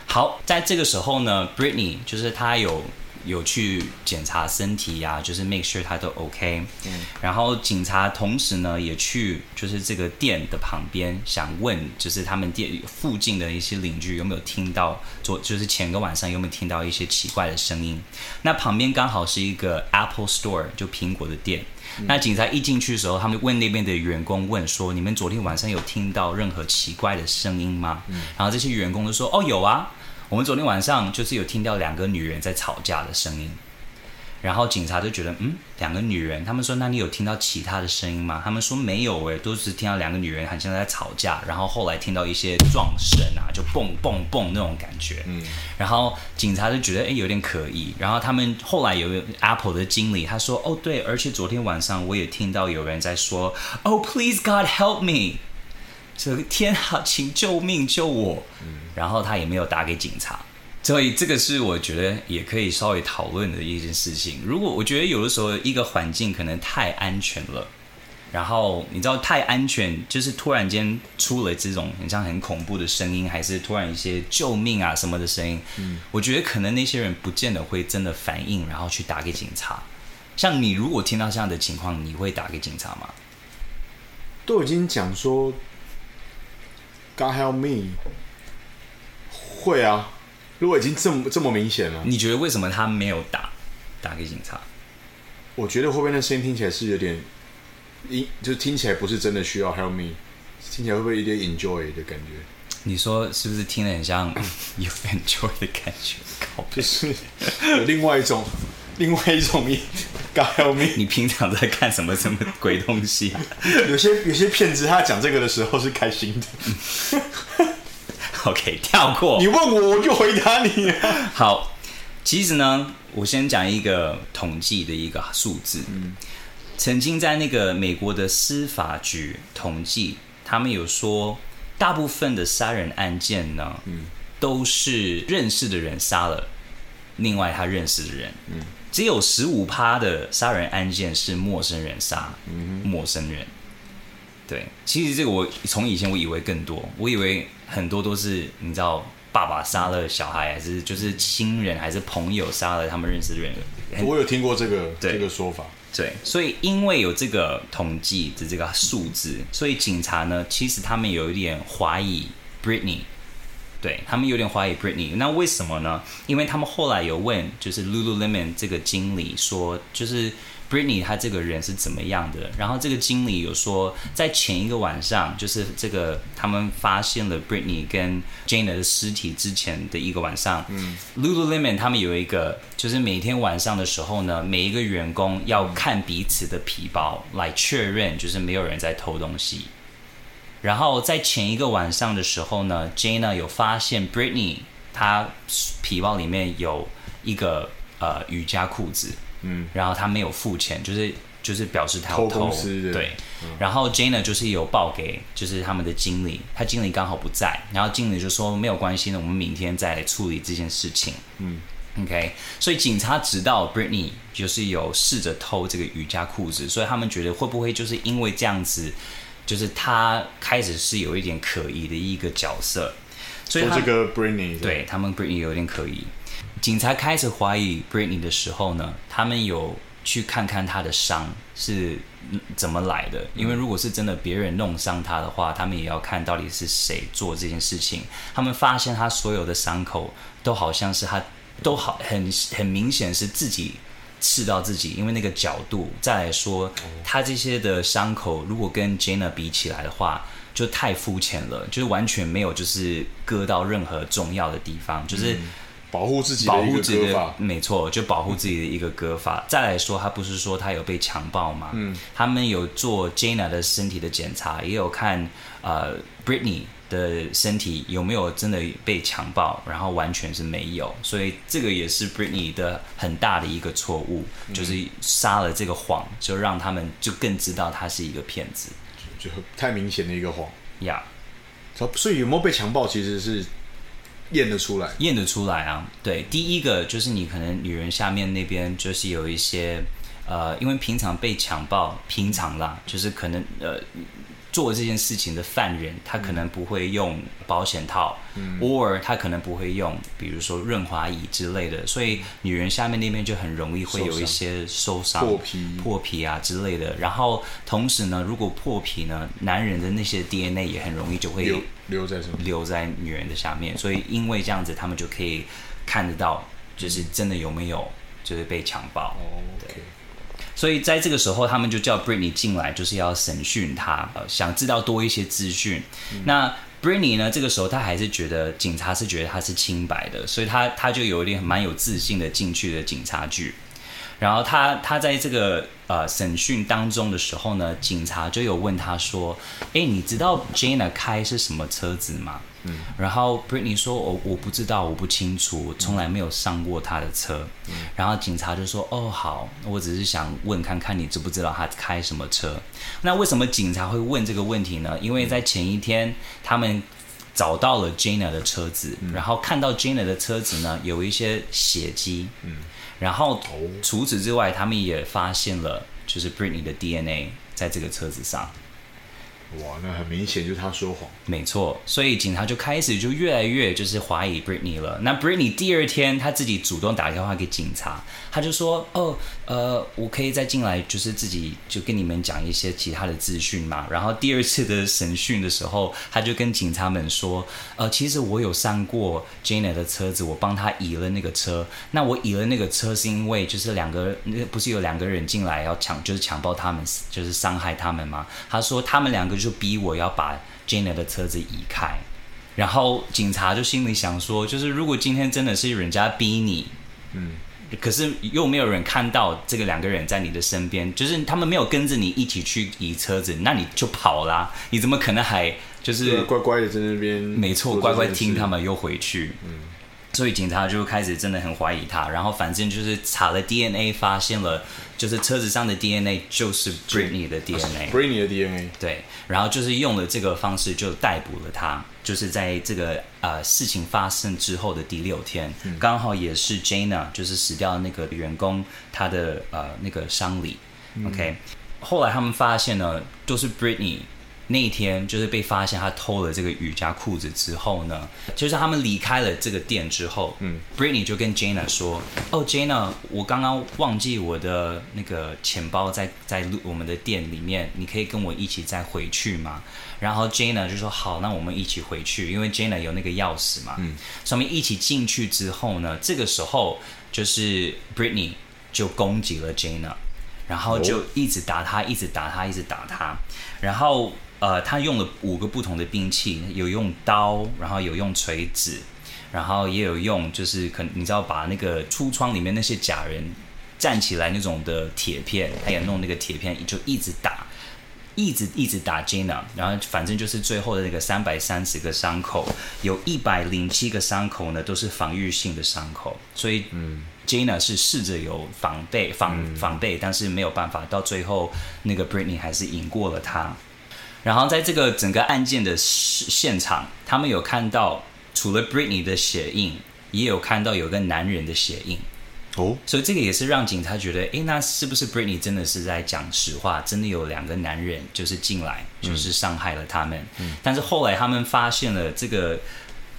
好，在這個時候呢，Britney 就是他有。有去檢查身體呀，就是 make sure 他都 OK。嗯，然後警察同時呢也去，就是這個店的旁邊，想問就是他們店附近的一些鄰居有沒有聽到昨，就是前個晚上有沒有聽到一些奇怪的聲音。那旁邊剛好是一個 Apple Store，就蘋果的店。嗯，那警察一進去的時候，他們問那邊的員工，問說你們昨天晚上有聽到任何奇怪的聲音嗎？嗯，然後這些員工都說哦有啊。我們昨天晚上就是有聽到兩個女人在吵架的聲音，然後警察就覺得，嗯，兩個女人，他們說，那你有聽到其他的聲音嗎？他們說沒有誒、欸，都是聽到兩個女人好像在，在吵架，然後後來聽到一些撞聲啊，就蹦蹦蹦，蹦那種感覺。嗯，然後警察就覺得，誒、欸，有點可疑。然後他們後來有位 Apple 的經理，他說，哦對，而且昨天晚上我也聽到有人在說，Oh please God help me。這個天啊，請救命救我！嗯，然後他也沒有打給警察，所以這個是我覺得也可以稍微討論的一件事情。如果我覺得有的時候一個環境可能太安全了，然後你知道太安全，就是突然間出了這種很像很恐怖的聲音，還是突然一些救命啊什麼的聲音，嗯，我覺得可能那些人不見得會真的反應，然後去打給警察。像你，如果聽到這樣的情況，你會打給警察嗎？都已經講說。God help me，會啊，如果已經這麼這麼明顯了，你覺得為什麼他沒有打打給警察？我覺得後面的聲音聽起來是有點，就聽起來不是真的需要 help me，聽起來會不會有點 enjoy 的感覺？你說是不是聽得很像 [coughs] you've enjoyed 的感覺？不是，有另外一種。另外一種面，搞你平常在看什麼什麼鬼東西啊？ [laughs] 有？有些有些騙子，他講這個的時候是開心的。 [laughs] OK，跳過。你問我，我就回答你了。 [laughs] 好，其實呢，我先講一個統計的一個數字。嗯。曾經在那個美國的司法局統計，他們有說，大部分的殺人案件呢，嗯。都是認識的人殺了另外他認識的人。嗯只有十五趴的殺人案件是陌生人殺，嗯、哼陌生人。對，其實這個我從以前我以為更多，我以為很多都是你知道爸爸殺了小孩，還是就是親人還是朋友殺了他們認識的人。我有聽過這個對這個說法，對。所以因為有這個統計的這個數字，所以警察呢，其實他們有一點懷疑 Britney。對，他們有點懷疑 Britney，那為什麼呢？因為他們後來有問，就是 Lulu Lemon 這個經理說，就是 Britney 他這個人是怎麼樣的。然後這個經理有說，在前一個晚上，就是這個他們發現了 Britney 跟 Jana 的屍體之前的一個晚上，嗯，Lulu Lemon 他們有一個，就是每天晚上的時候呢，每一個員工要看彼此的皮包，來確認就是沒有人在偷東西。然後在前一個晚上的時候呢，Jana 有發現 Britney 她皮包裡面有一個呃瑜伽褲子，嗯，然後她沒有付錢，就是就是表示她有偷，偷，對，嗯，然後 Jana 就是有報給就是他們的經理，他經理剛好不在，然後經理就說沒有關係的，我們明天再來處理這件事情，嗯，OK，所以警察知道 Britney 就是有試着偷這個瑜伽褲子，所以他們覺得會不會就是因為這樣子。就是他開始是有一點可疑的一個角色，所以說這個 Britney，對他們 Britney 有點可疑。警察開始懷疑 Britney 的時候呢，他們有去看看他的傷是怎麼來的，因為如果是真的別人弄傷他的話，他們也要看到底是誰做這件事情。他們發現他所有的傷口都好像是他，都好，很很明顯是自己。刺到自己，因為那個角度。再來說，他、oh. 這些的傷口，如果跟 Jana 比起來的話，就太膚淺了，就是完全沒有就是割到任何重要的地方，嗯、就是保護自己的一個割法。沒錯，就保護自己的一個割法。嗯、哼再來說，他不是說他有被強暴嗎？嗯、他們有做 Jana 的身體的檢查，也有看呃 Britney。的身體有沒有真的被強暴？然後完全是沒有，所以這個也是 Britney 的很大的一個錯誤，就是撒了這個謊，就讓他們就更知道他是一個騙子，就，就太明顯的一個謊。呀。Yeah. 所以有沒有被強暴其實是驗得出來，驗得出來啊。對，第一個就是你可能女人下面那邊就是有一些呃，因為平常被強暴，平常啦，就是可能呃。做這件事情的犯人，他可能不會用保險套偶爾、嗯、他可能不會用，比如說潤滑劑之類的，所以女人下面那邊就很容易會有一些受傷、破皮、破皮啊之類的。然後同時呢，如果破皮呢，男人的那些 DNA 也很容易就會留在什麼？留在女人的下面。所以因為這樣子，他們就可以看得到，就是真的有沒有就是被強暴。哦 okay 所以在這個時候，他們就叫 Britney 進來，就是要審訊他，呃，想知道多一些資訊。嗯、那 Britney 呢，這個時候他還是覺得警察是覺得他是清白的，所以他他就有一點蠻有自信的進去的警察局。然後他他在這個呃審訊當中的時候呢，警察就有問他說：“哎、欸，你知道 Jenna 開是什麼車子嗎？”然後，Britney 說：“我、哦，我不知道，我不清楚，從來沒有上過他的車。嗯。”然後警察就說：“哦，好，我只是想問看看你知不知道他開什麼車。”那為什麼警察會問這個問題呢？因為在前一天，他們找到了 Jenna 的車子，嗯、然後看到 Jenna 的車子呢，有一些血跡。嗯，然後除此之外，他們也發現了，就是 Britney 的 DNA 在這個車子上。哇，那很明顯就是他說謊，沒錯，所以警察就開始就越來越就是懷疑 Britney 了。那 Britney 第二天他自己主動打電話給警察，他就說：“哦，呃，我可以再進來，就是自己就跟你們講一些其他的資訊嘛。”然後第二次的審訊的時候，他就跟警察們說：“呃，其實我有上過 Jayna 的車子，我幫她移了那個車。那我移了那個車是因為就是兩個，那不是有兩個人進來要搶，就是強暴他們，就是傷害他們嗎？”他說：“他們兩個。”就逼我要把 Jenna 的車子移開，然後警察就心裡想說，就是如果今天真的是人家逼你，嗯，可是又沒有人看到這個兩個人在你的身邊，就是他們沒有跟着你一起去移車子，那你就跑啦，你怎麼可能還就是、啊、乖乖的在那邊？沒錯，乖乖聽他們又回去，嗯。所以警察就開始真的很懷疑他，然後反正就是查了 DNA，發現了就是車子上的 DNA 就是 Britney 的 DNA，Britney、啊、的 DNA 對，然後就是用了這個方式就逮捕了他，就是在這個呃事情發生之後的第六天，嗯、剛好也是 Jayna 就是死掉那個員工他的呃那個喪禮、嗯、，OK，後來他們發現呢都、就是 Britney。那一天就是被發現他偷了這個瑜伽褲子之後呢，就是他們離開了這個店之後，嗯，Britney 就跟 Jayna 說：“哦、oh,，Jayna，我剛剛忘記我的那個錢包在在我們的店裡面，你可以跟我一起再回去嗎？”然後 Jayna 就說：“好，那我們一起回去，因為 Jayna 有那個鑰匙嘛。”嗯，所以我們一起進去之後呢，這個時候就是 Britney 就攻擊了 Jayna，然後就一直,、哦、一直打他，一直打他，一直打他，然後。呃，他用了五個不同的兵器，有用刀，然後有用錘子，然後也有用，就是可你知道把那個櫥窗裡面那些假人站起來那種的鐵片，他也弄那個鐵片就一直打，一直一直打 Jenna，然後反正就是最後的那個三百三十個傷口，有一百零七個傷口呢都是防禦性的傷口，所以 Jenna 是試着有防備防防備，但是沒有辦法，到最後那個 Britney 還是贏過了他。然後在這個整個案件的現場，他們有看到除了 Britney 的鞋印，也有看到有個男人的鞋印。哦，所以這個也是讓警察覺得，誒，那是不是 Britney 真的是在講實話？真的有兩個男人就是進來，就是傷害了他們。嗯嗯、但是後來他們發現了這個，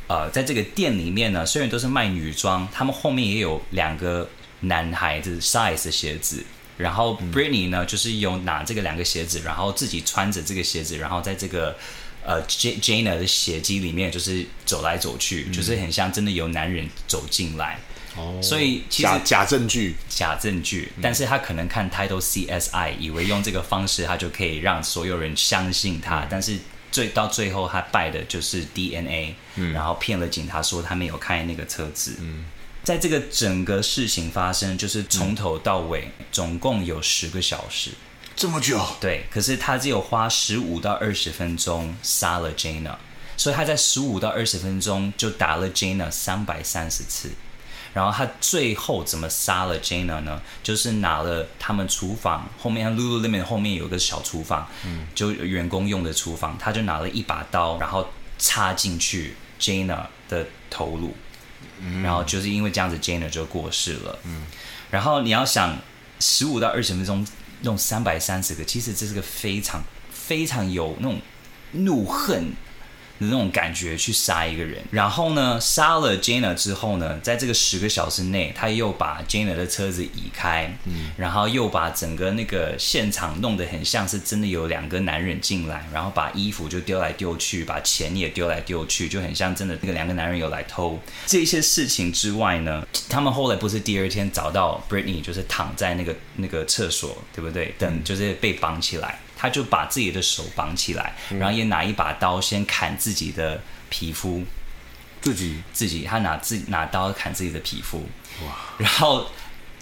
呃，在這個店裡面呢，雖然都是賣女裝，他們後面也有兩個男孩子 size 的鞋子。然後 Britney 呢，嗯、就是有拿這個兩個鞋子，然後自己穿着這個鞋子，然後在這個呃 Jana 的血跡裡面，就是走來走去，嗯、就是很像真的有男人走進來。哦，所以其實假，假證據，假證據。但是他可能看太多 CSI，、嗯、以為用這個方式，他就可以讓所有人相信他。嗯、但是最到最後，他敗的就是 DNA，、嗯、然後騙了警察說他沒有開那個車子。嗯在這個整個事情發生，就是從頭到尾總共有十個小時，這麼久？對，可是他只有花十五到二十分鐘殺了 Jana，所以他在十五到二十分鐘就打了 Jana 三百三十次。然後他最後怎麼殺了 Jana 呢？就是拿了他們廚房後面，Lululemon 後面有個小廚房，嗯，就員工用的廚房，他就拿了一把刀，然後插進去 Jana 的頭顱。然後就是因為這樣子，Jayna 就過世了。嗯，然後你要想，十五到二十分鐘弄三百三十個，其實這是個非常非常有那種怒恨。的那種感覺去殺一個人，然後呢，殺了 Jayna 之後呢，在這個十個小時內，他又把 Jayna 的車子移開，嗯，然後又把整個那個現場弄得很像是真的有兩個男人進來，然後把衣服就丟來丟去，把錢也丟來丟去，就很像真的那個兩個男人有來偷。這些事情之外呢，他們後來不是第二天找到 Brittany，就是躺在那個那個廁所，對不對？等、嗯、就是被綁起來。他就把自己的手綁起來，然後也拿一把刀先砍自己的皮膚，自己、嗯、自己，他拿自己拿刀砍自己的皮膚，哇！然後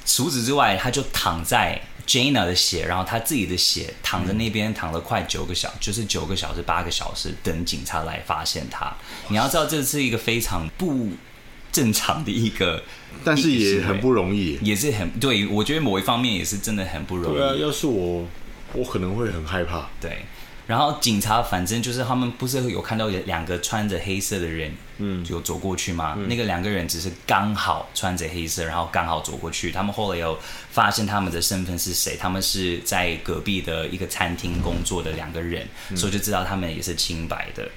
除此之外，他就躺在 Jenna 的血，然後他自己的血躺在那邊，嗯、躺了快九個小時，就是九個小時八個小時，等警察來發現他。你要知道，這是一個非常不正常的一個，但是也很不容易，也是很對。我覺得某一方面也是真的很不容易。對啊，要是我。我可能會很害怕。對，然後警察反正就是他們不是有看到兩個穿着黑色的人，嗯，就走過去嗎？嗯嗯、那個兩個人只是剛好穿着黑色，然後剛好走過去。他們後來有發現他們的身份是誰，他們是在隔壁的一個餐廳工作的兩個人，嗯、所以就知道他們也是清白的。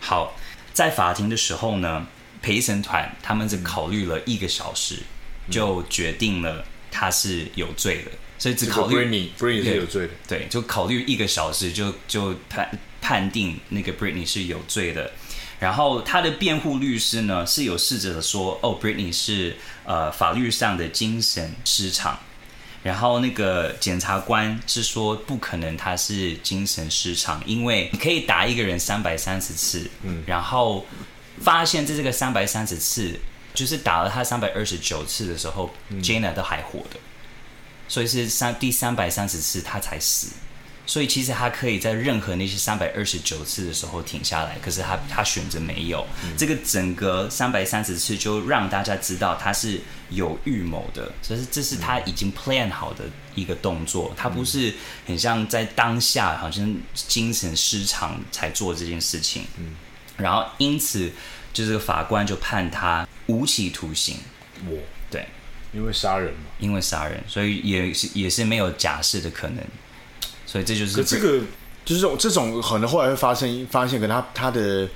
好，在法庭的時候呢，陪審團他們只考慮了一個小時，就決定了他是有罪的。所以只考慮 Britney，Britney 對是有罪的。對，就考慮一個小時就就判判定那個 Britney 是有罪的。然後他的辯護律師呢是有試着說，哦，Britney 是，呃，法律上的精神失常。然後那個檢察官是說不可能他是精神失常，因為你可以打一個人三百三十次，嗯，然後發現在這個三百三十次就是打了他三百二十九次的時候，嗯、Jenna 都還活的。所以是三第三百三十次他才死，所以其實他可以在任何那些三百二十九次的時候停下來，可是他他選擇沒有。嗯、這個整個三百三十次就讓大家知道他是有預謀的，所以這是他已經 plan 好的一個動作，嗯、他不是很像在當下好像精神失常才做這件事情。嗯，然後因此就是法官就判他無期徒刑。我。因為殺人嘛，因為殺人，所以也是也是沒有假釋的可能，所以這就是這個就是這種這種可能後來會發生發現可能，可他他的、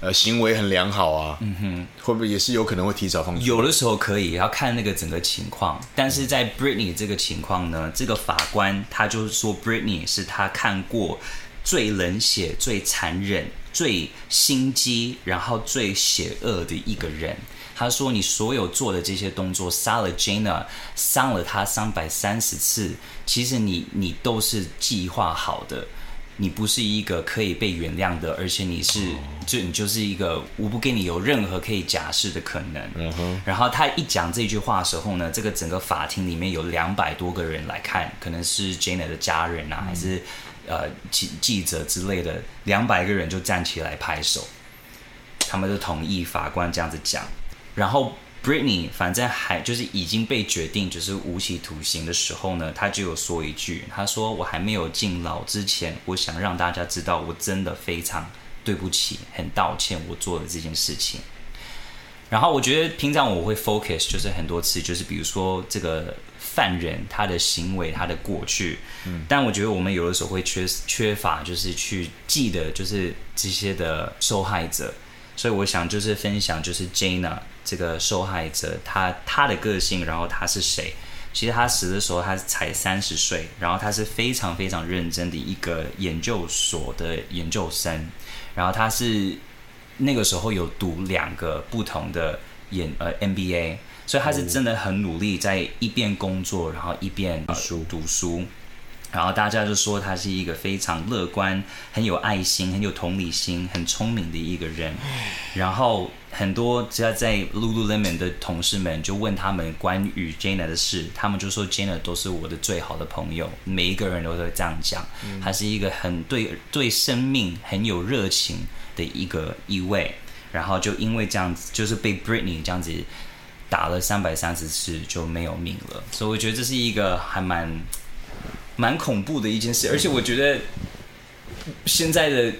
呃、行為很良好啊，嗯哼，會不會也是有可能會提早放？有的時候可以要看那個整個情況，但是在 Britney 這個情況呢，嗯、這個法官他就是說 Britney 是他看過最冷血、最殘忍、最心機，然後最邪惡的一個人。他說：“你所有做的這些動作，殺了 Jana，傷了他三百三十次，其實你你都是計劃好的，你不是一個可以被原諒的，而且你是就你就是一個，我不給你有任何可以假釋的可能。”Uh huh. 然後他一講這句話的時候呢，這個整個法庭裡面有兩百多個人來看，可能是 Jana 的家人啊，uh huh. 還是呃記記者之類的，兩百個人就站起來拍手，他們都同意法官這樣子講。然後，Britney 反正還就是已經被決定就是無期徒刑的時候呢，他就有說一句，他說：“我還沒有進牢之前，我想讓大家知道，我真的非常對不起，很道歉，我做的這件事情。”然後我覺得平常我會 focus 就是很多次，就是比如說這個犯人他的行為、他的過去，嗯，但我覺得我們有的時候會缺缺乏就是去記得就是這些的受害者。所以我想就是分享，就是 Jayna 這個受害者，她她,她的個性，然後她是誰？其實她死的時候她才三十歲，然後她是非常非常認真的一個研究所的研究生，然後她是那個時候有讀兩個不同的研呃 MBA，所以她是真的很努力，在一邊工作，然後一邊、呃、讀書。然後大家就說他是一個非常樂觀、很有愛心、很有同理心、很聰明的一個人。然後很多只要在 Lululemon 的同事們就問他們關於 Jenna 的事，他們就說 Jenna 都是我的最好的朋友，每一個人都會這樣講。嗯、他是一個很對對生命很有熱情的一個一位。然後就因為這樣子，就是被 Britney 這樣子打了三百三十次就沒有命了。所以我覺得這是一個還蠻。蠻恐怖的一件事，而且我覺得現在的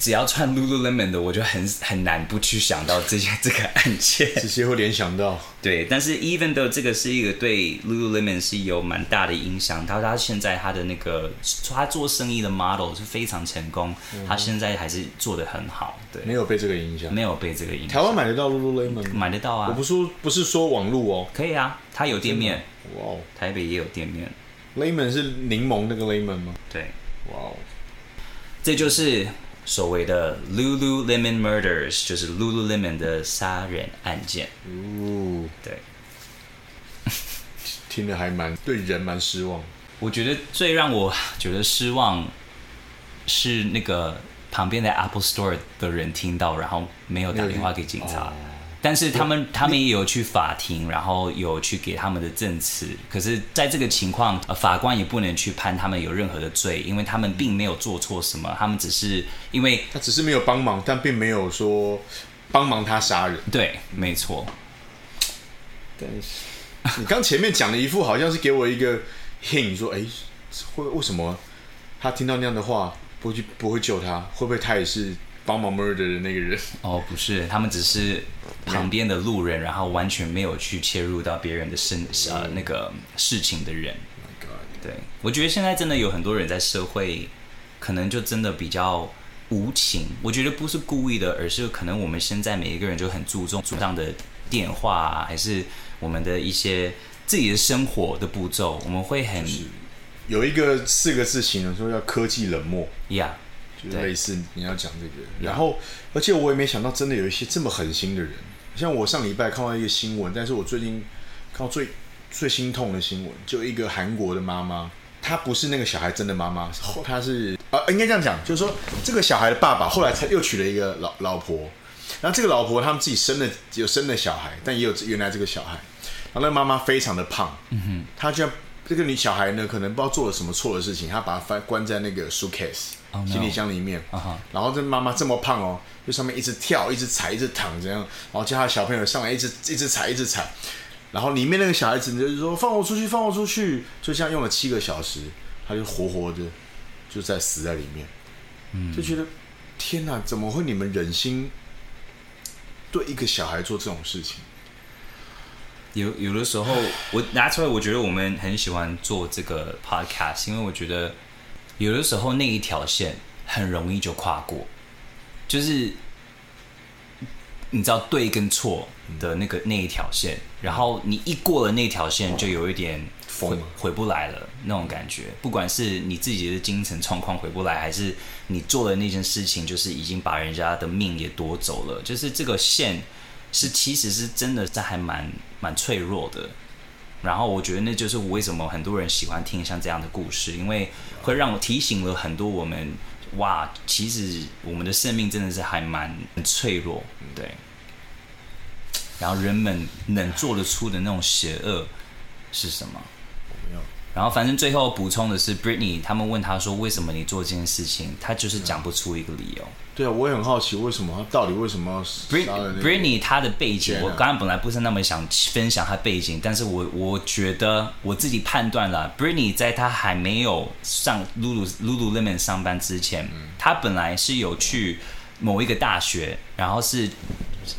只要穿 Lululemon 的，我就很很難不去想到這些這個案件，直接會聯想到。對，但是 even though 這個是一個對 Lululemon 是有蠻大的影響，他他現在他的那個他做生意的 model 是非常成功，他現在還是做得很好，對，沒有被這個影響，沒有被這個影響，台灣買得到 Lululemon？買得到啊，我不說不是說網路哦，可以啊，他有店面，這個、哇、哦，台北也有店面。Lemon 是檸檬那個 Lemon 嗎？對，哇哦 Wow，這就是所謂的 Lulu Lemon Murders，就是 Lulu Lemon 的殺人案件。哦 Ooh，對，聽得還蠻對人蠻失望。我覺得最讓我覺得失望是那個旁邊的 Apple Store 的人聽到，然後沒有打電話給警察。但是他們，啊、他們也有去法庭，然後有去給他們的證詞。可是在這個情況，法官也不能去判他們有任何的罪，因為他們並沒有做錯什麼，他們只是因為他只是沒有幫忙，但並沒有說幫忙他殺人。對，沒錯。對。但是你剛前面講的一副好像是給我一個 hint，說，哎、欸，為為什麼他聽到那樣的話不會去不會救他？會不會他也是？幫忙 murder 的那個人哦，oh, 不是，他們只是旁邊的路人，然後完全沒有去切入到別人的身呃、oh、my God 那個事情的人。Oh、my God 對我覺得現在真的有很多人在社會，可能就真的比較無情。我覺得不是故意的，而是可能我們現在每一個人就很注重桌上的電話、啊，還是我們的一些自己的生活的步驟，我們會很有一個四個字形容說叫科技冷漠。Yeah。就類似你要講這個，然後而且我也沒想到，真的有一些這麼狠心的人。像我上禮拜看到一個新聞，但是我最近看到最最心痛的新聞，就一個韓國的媽媽，她不是那個小孩真的媽媽，她是呃，應該這樣講，就是說這個小孩的爸爸後來才又娶了一個老老婆，然後這個老婆他們自己生了有生了小孩，但也有原來這個小孩，然後那個媽媽非常的胖，嗯哼，她居然這個女小孩呢，可能不知道做了什麼錯的事情，她把她關關在那個 suitcase。行李箱裡面，oh, no. uh huh. 然後這媽媽這麼胖哦，就上面一直跳，一直踩，一直躺這樣，然後叫他小朋友上來，一直一直踩，一直踩，然後裡面那個小孩子，你就說，放我出去，放我出去，就像用了七個小時，他就活活的就在死在裡面，mm. 就覺得天哪，怎麼會你們忍心對一個小孩做這種事情？有有的時候，我拿出來，我覺得我們很喜歡做這個 podcast，因為我覺得。有的時候，那一條線很容易就跨過，就是你知道對跟錯的那個那一條線，然後你一過了那條線，就有一點回、哦、回不來了那種感覺。不管是你自己的精神狀況回不來，還是你做的那件事情，就是已經把人家的命也奪走了。就是這個線是其實是真的，在還蠻蠻脆弱的。然後我覺得那就是我為什麼很多人喜歡聽像這樣的故事，因為會讓我提醒了很多我們，哇，其實我們的生命真的是還蠻脆弱，對。然後人們能做得出的那種邪惡是什麼？然後，反正最後補充的是，Britney 他們問他說：“為什麼你做這件事情？”他就是講不出一個理由。對啊，我也很好奇，為什麼他到底為什麼要殺？Britney 他的背景，啊、我剛剛本來不是那麼想分享他背景，但是我我覺得我自己判斷了，Britney 在他還沒有上 Lulu Lululemon 上班之前，他、嗯、本來是有去某一個大學，然後是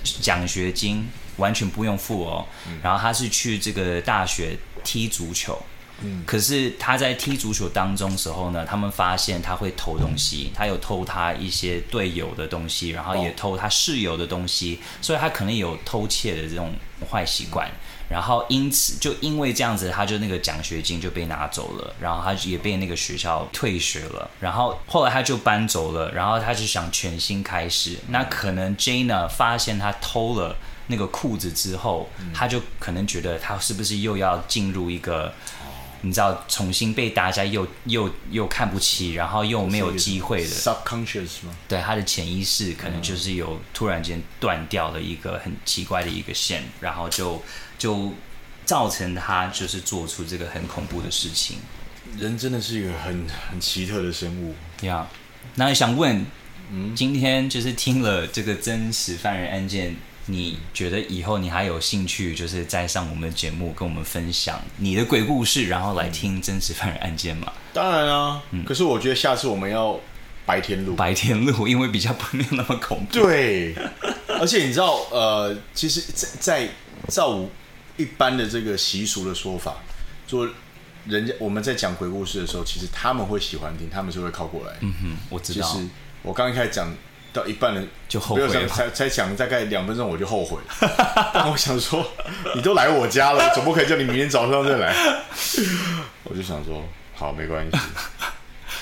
獎學金完全不用付哦，然後他是去這個大學踢足球。嗯、可是他在踢足球當中時候呢，他們發現他會偷東西，他有偷他一些隊友的東西，然後也偷他室友的東西，哦、所以他可能有偷竊的這種壞習慣。嗯、然後因此就因為這樣子，他就那個獎學金就被拿走了，然後他也被那個學校退學了。然後後來他就搬走了，然後他就想全新開始。嗯、那可能 Jayna 發現他偷了那個褲子之後，他就可能覺得他是不是又要進入一個。你知道重新被大家又又又看不起，然後又沒有機會的 subconscious 嗎？對，他的潛意識可能就是有突然間斷掉了一個很奇怪的一個線，嗯、然後就就造成他就是做出這個很恐怖的事情。人真的是一個很很奇特的生物。Yeah. 那我想問，嗯，今天就是聽了這個真實犯人案件。你覺得以後你還有興趣，就是再上我們的節目，跟我們分享你的鬼故事，然後來聽真實犯人案件嗎？當然啊，嗯、可是我覺得下次我們要白天錄，白天錄，因為比較不沒有那麼恐怖。對， [laughs] 而且你知道，呃，其實在在照一般的這個習俗的說法，說人家我們在講鬼故事的時候，其實他們會喜歡聽，他們就會靠過來。嗯哼，我知道。就是我剛一開始講。到一半了就後悔了，才才想大概兩分鐘我就後悔了。 [laughs] 我想說，你都來我家了，怎麼可以叫你明天早上再來？我就想說，好沒關係，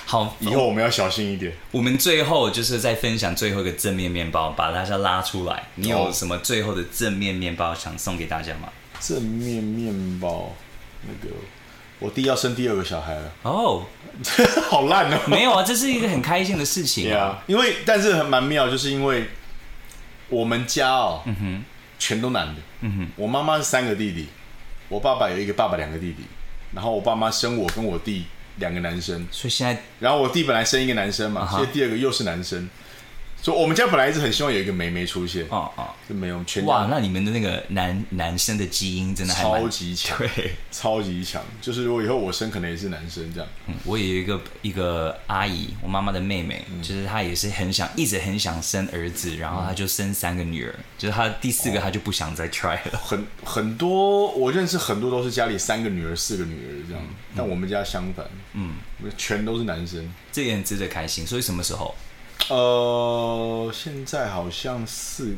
好以後我們要小心一點。我，我們最後就是再分享最後一個正面面包，把大家拉出來。你有什麼最後的正面面包想送給大家嗎？正面面包那個。我弟要生第二個小孩了哦，oh, [laughs] 好爛哦、喔。沒有啊，這是一個很開心的事情啊。 [laughs] yeah, 因為但是很蠻妙，就是因為我們家哦、喔，嗯哼、mm，hmm. 全都男的。嗯哼、mm，hmm. 我媽媽是三個弟弟，我爸爸有一個爸爸，兩個弟弟。然後我爸媽生我跟我弟兩個男生，所以現在，然後我弟本來生一個男生嘛，uh huh. 所以第二個又是男生。所以我們家本來一直很希望有一個妹妹出現，啊啊、哦，哦、就沒有圈哇。那你們的那個男男生的基因真的還超級強，對，超級強。就是如果以後我生可能也是男生這樣。嗯，我也有一個一個阿姨，我媽媽的妹妹，嗯、就是她也是很想，一直很想生兒子，然後她就生三個女兒，嗯、就是她第四個她就不想再 try 了。哦、很很多我認識很多都是家裡三個女兒四個女兒這樣，嗯、但我們家相反，嗯，全都是男生，這也很值得開心。所以什麼時候？呃，現在好像是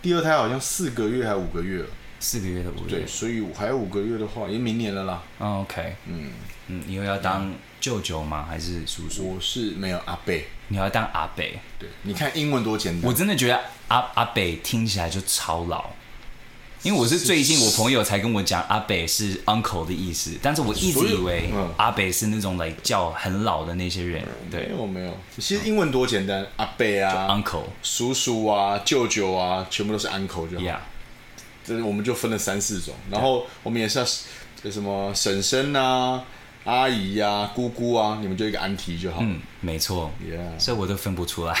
第二胎，好像四個月還五個月了？四個月的不對，所以還有五個月的話，也明年了啦。Oh, OK，嗯嗯，又、嗯、要當舅舅嗎？那還是叔叔？我是沒有阿伯，你要當阿伯。對，你看英文多簡單，我真的覺得阿阿伯聽起來就超老。因為我是最近我朋友才跟我講阿北是 uncle 的意思，但是我一直以為阿北是那種來叫很老的那些人。對，我、嗯、沒、沒有。其實英文多簡單，嗯、阿北啊，uncle，叔叔啊，舅舅啊，全部都是 uncle 就好。是 Yeah. 我們就分了三四種，然後我們也是要這什麼嬸嬸啊、阿姨啊、姑姑啊，你們就一個安提就好。嗯，沒錯。Yeah. 所以我都分不出來。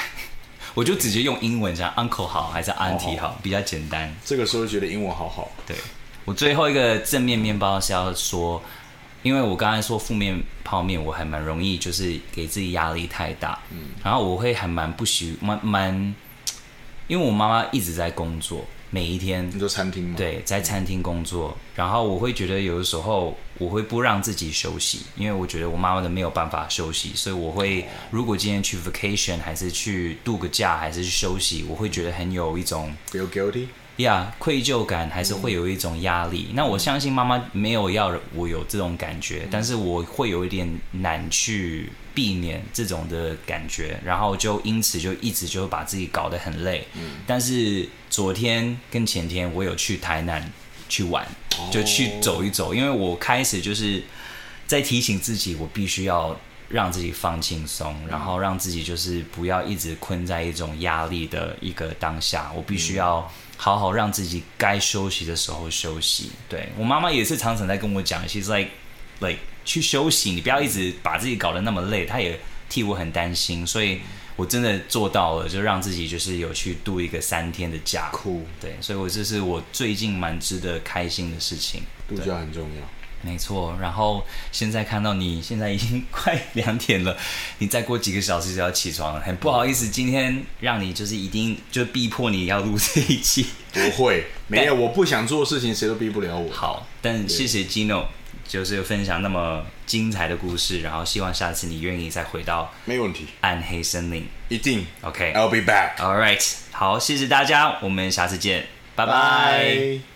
我就直接用英文講 uncle 好還是 auntie 好，哦、好比較簡單。這個時候覺得英文好好。對，我最後一個正面麵包是要說，因為我剛才說負面泡麵，我還蠻容易就是給自己壓力太大。嗯，然後我會還蠻不喜，蠻蠻，因為我媽媽一直在工作。每一天，做餐廳嗎？對，在餐廳工作。然後我會覺得有的時候我會不讓自己休息，因為我覺得我媽媽都沒有辦法休息，所以我會如果今天去 vacation，還是去度個假，還是去休息，我會覺得很有一種 feel guilty。呀，yeah, 愧疚感，還是會有一種壓力。嗯、那我相信媽媽沒有要我有這種感覺，嗯、但是我會有一點難去避免這種的感覺，然後就因此就一直就把自己搞得很累。嗯、但是昨天跟前天我有去台南去玩，就去走一走，哦、因為我開始就是在提醒自己，我必須要，讓自己放輕鬆，然後讓自己就是不要一直困在一種壓力的一個當下。我必須要好好讓自己該休息的時候休息。對，我媽媽也是常常在跟我講，其實 like like 去休息，你不要一直把自己搞得那麼累。她也替我很擔心，所以我真的做到了，就讓自己就是有去度一個三天的假。酷，Cool. 對，所以我這是我最近蠻值得開心的事情。度假很重要。沒錯，然後現在看到你現在已經快兩點了，你再過幾個小時就要起床了。很不好意思，今天讓你就是一定就逼迫你要錄這一期。不會，沒有，但我不想做的事情，誰都逼不了我。好，但謝謝 Gino，對就是分享那麼精彩的故事，然後希望下次你願意再回到，沒問題。暗黑森林，一定。OK，I'll Okay, be back。All right，好，謝謝大家，我們下次見，拜拜。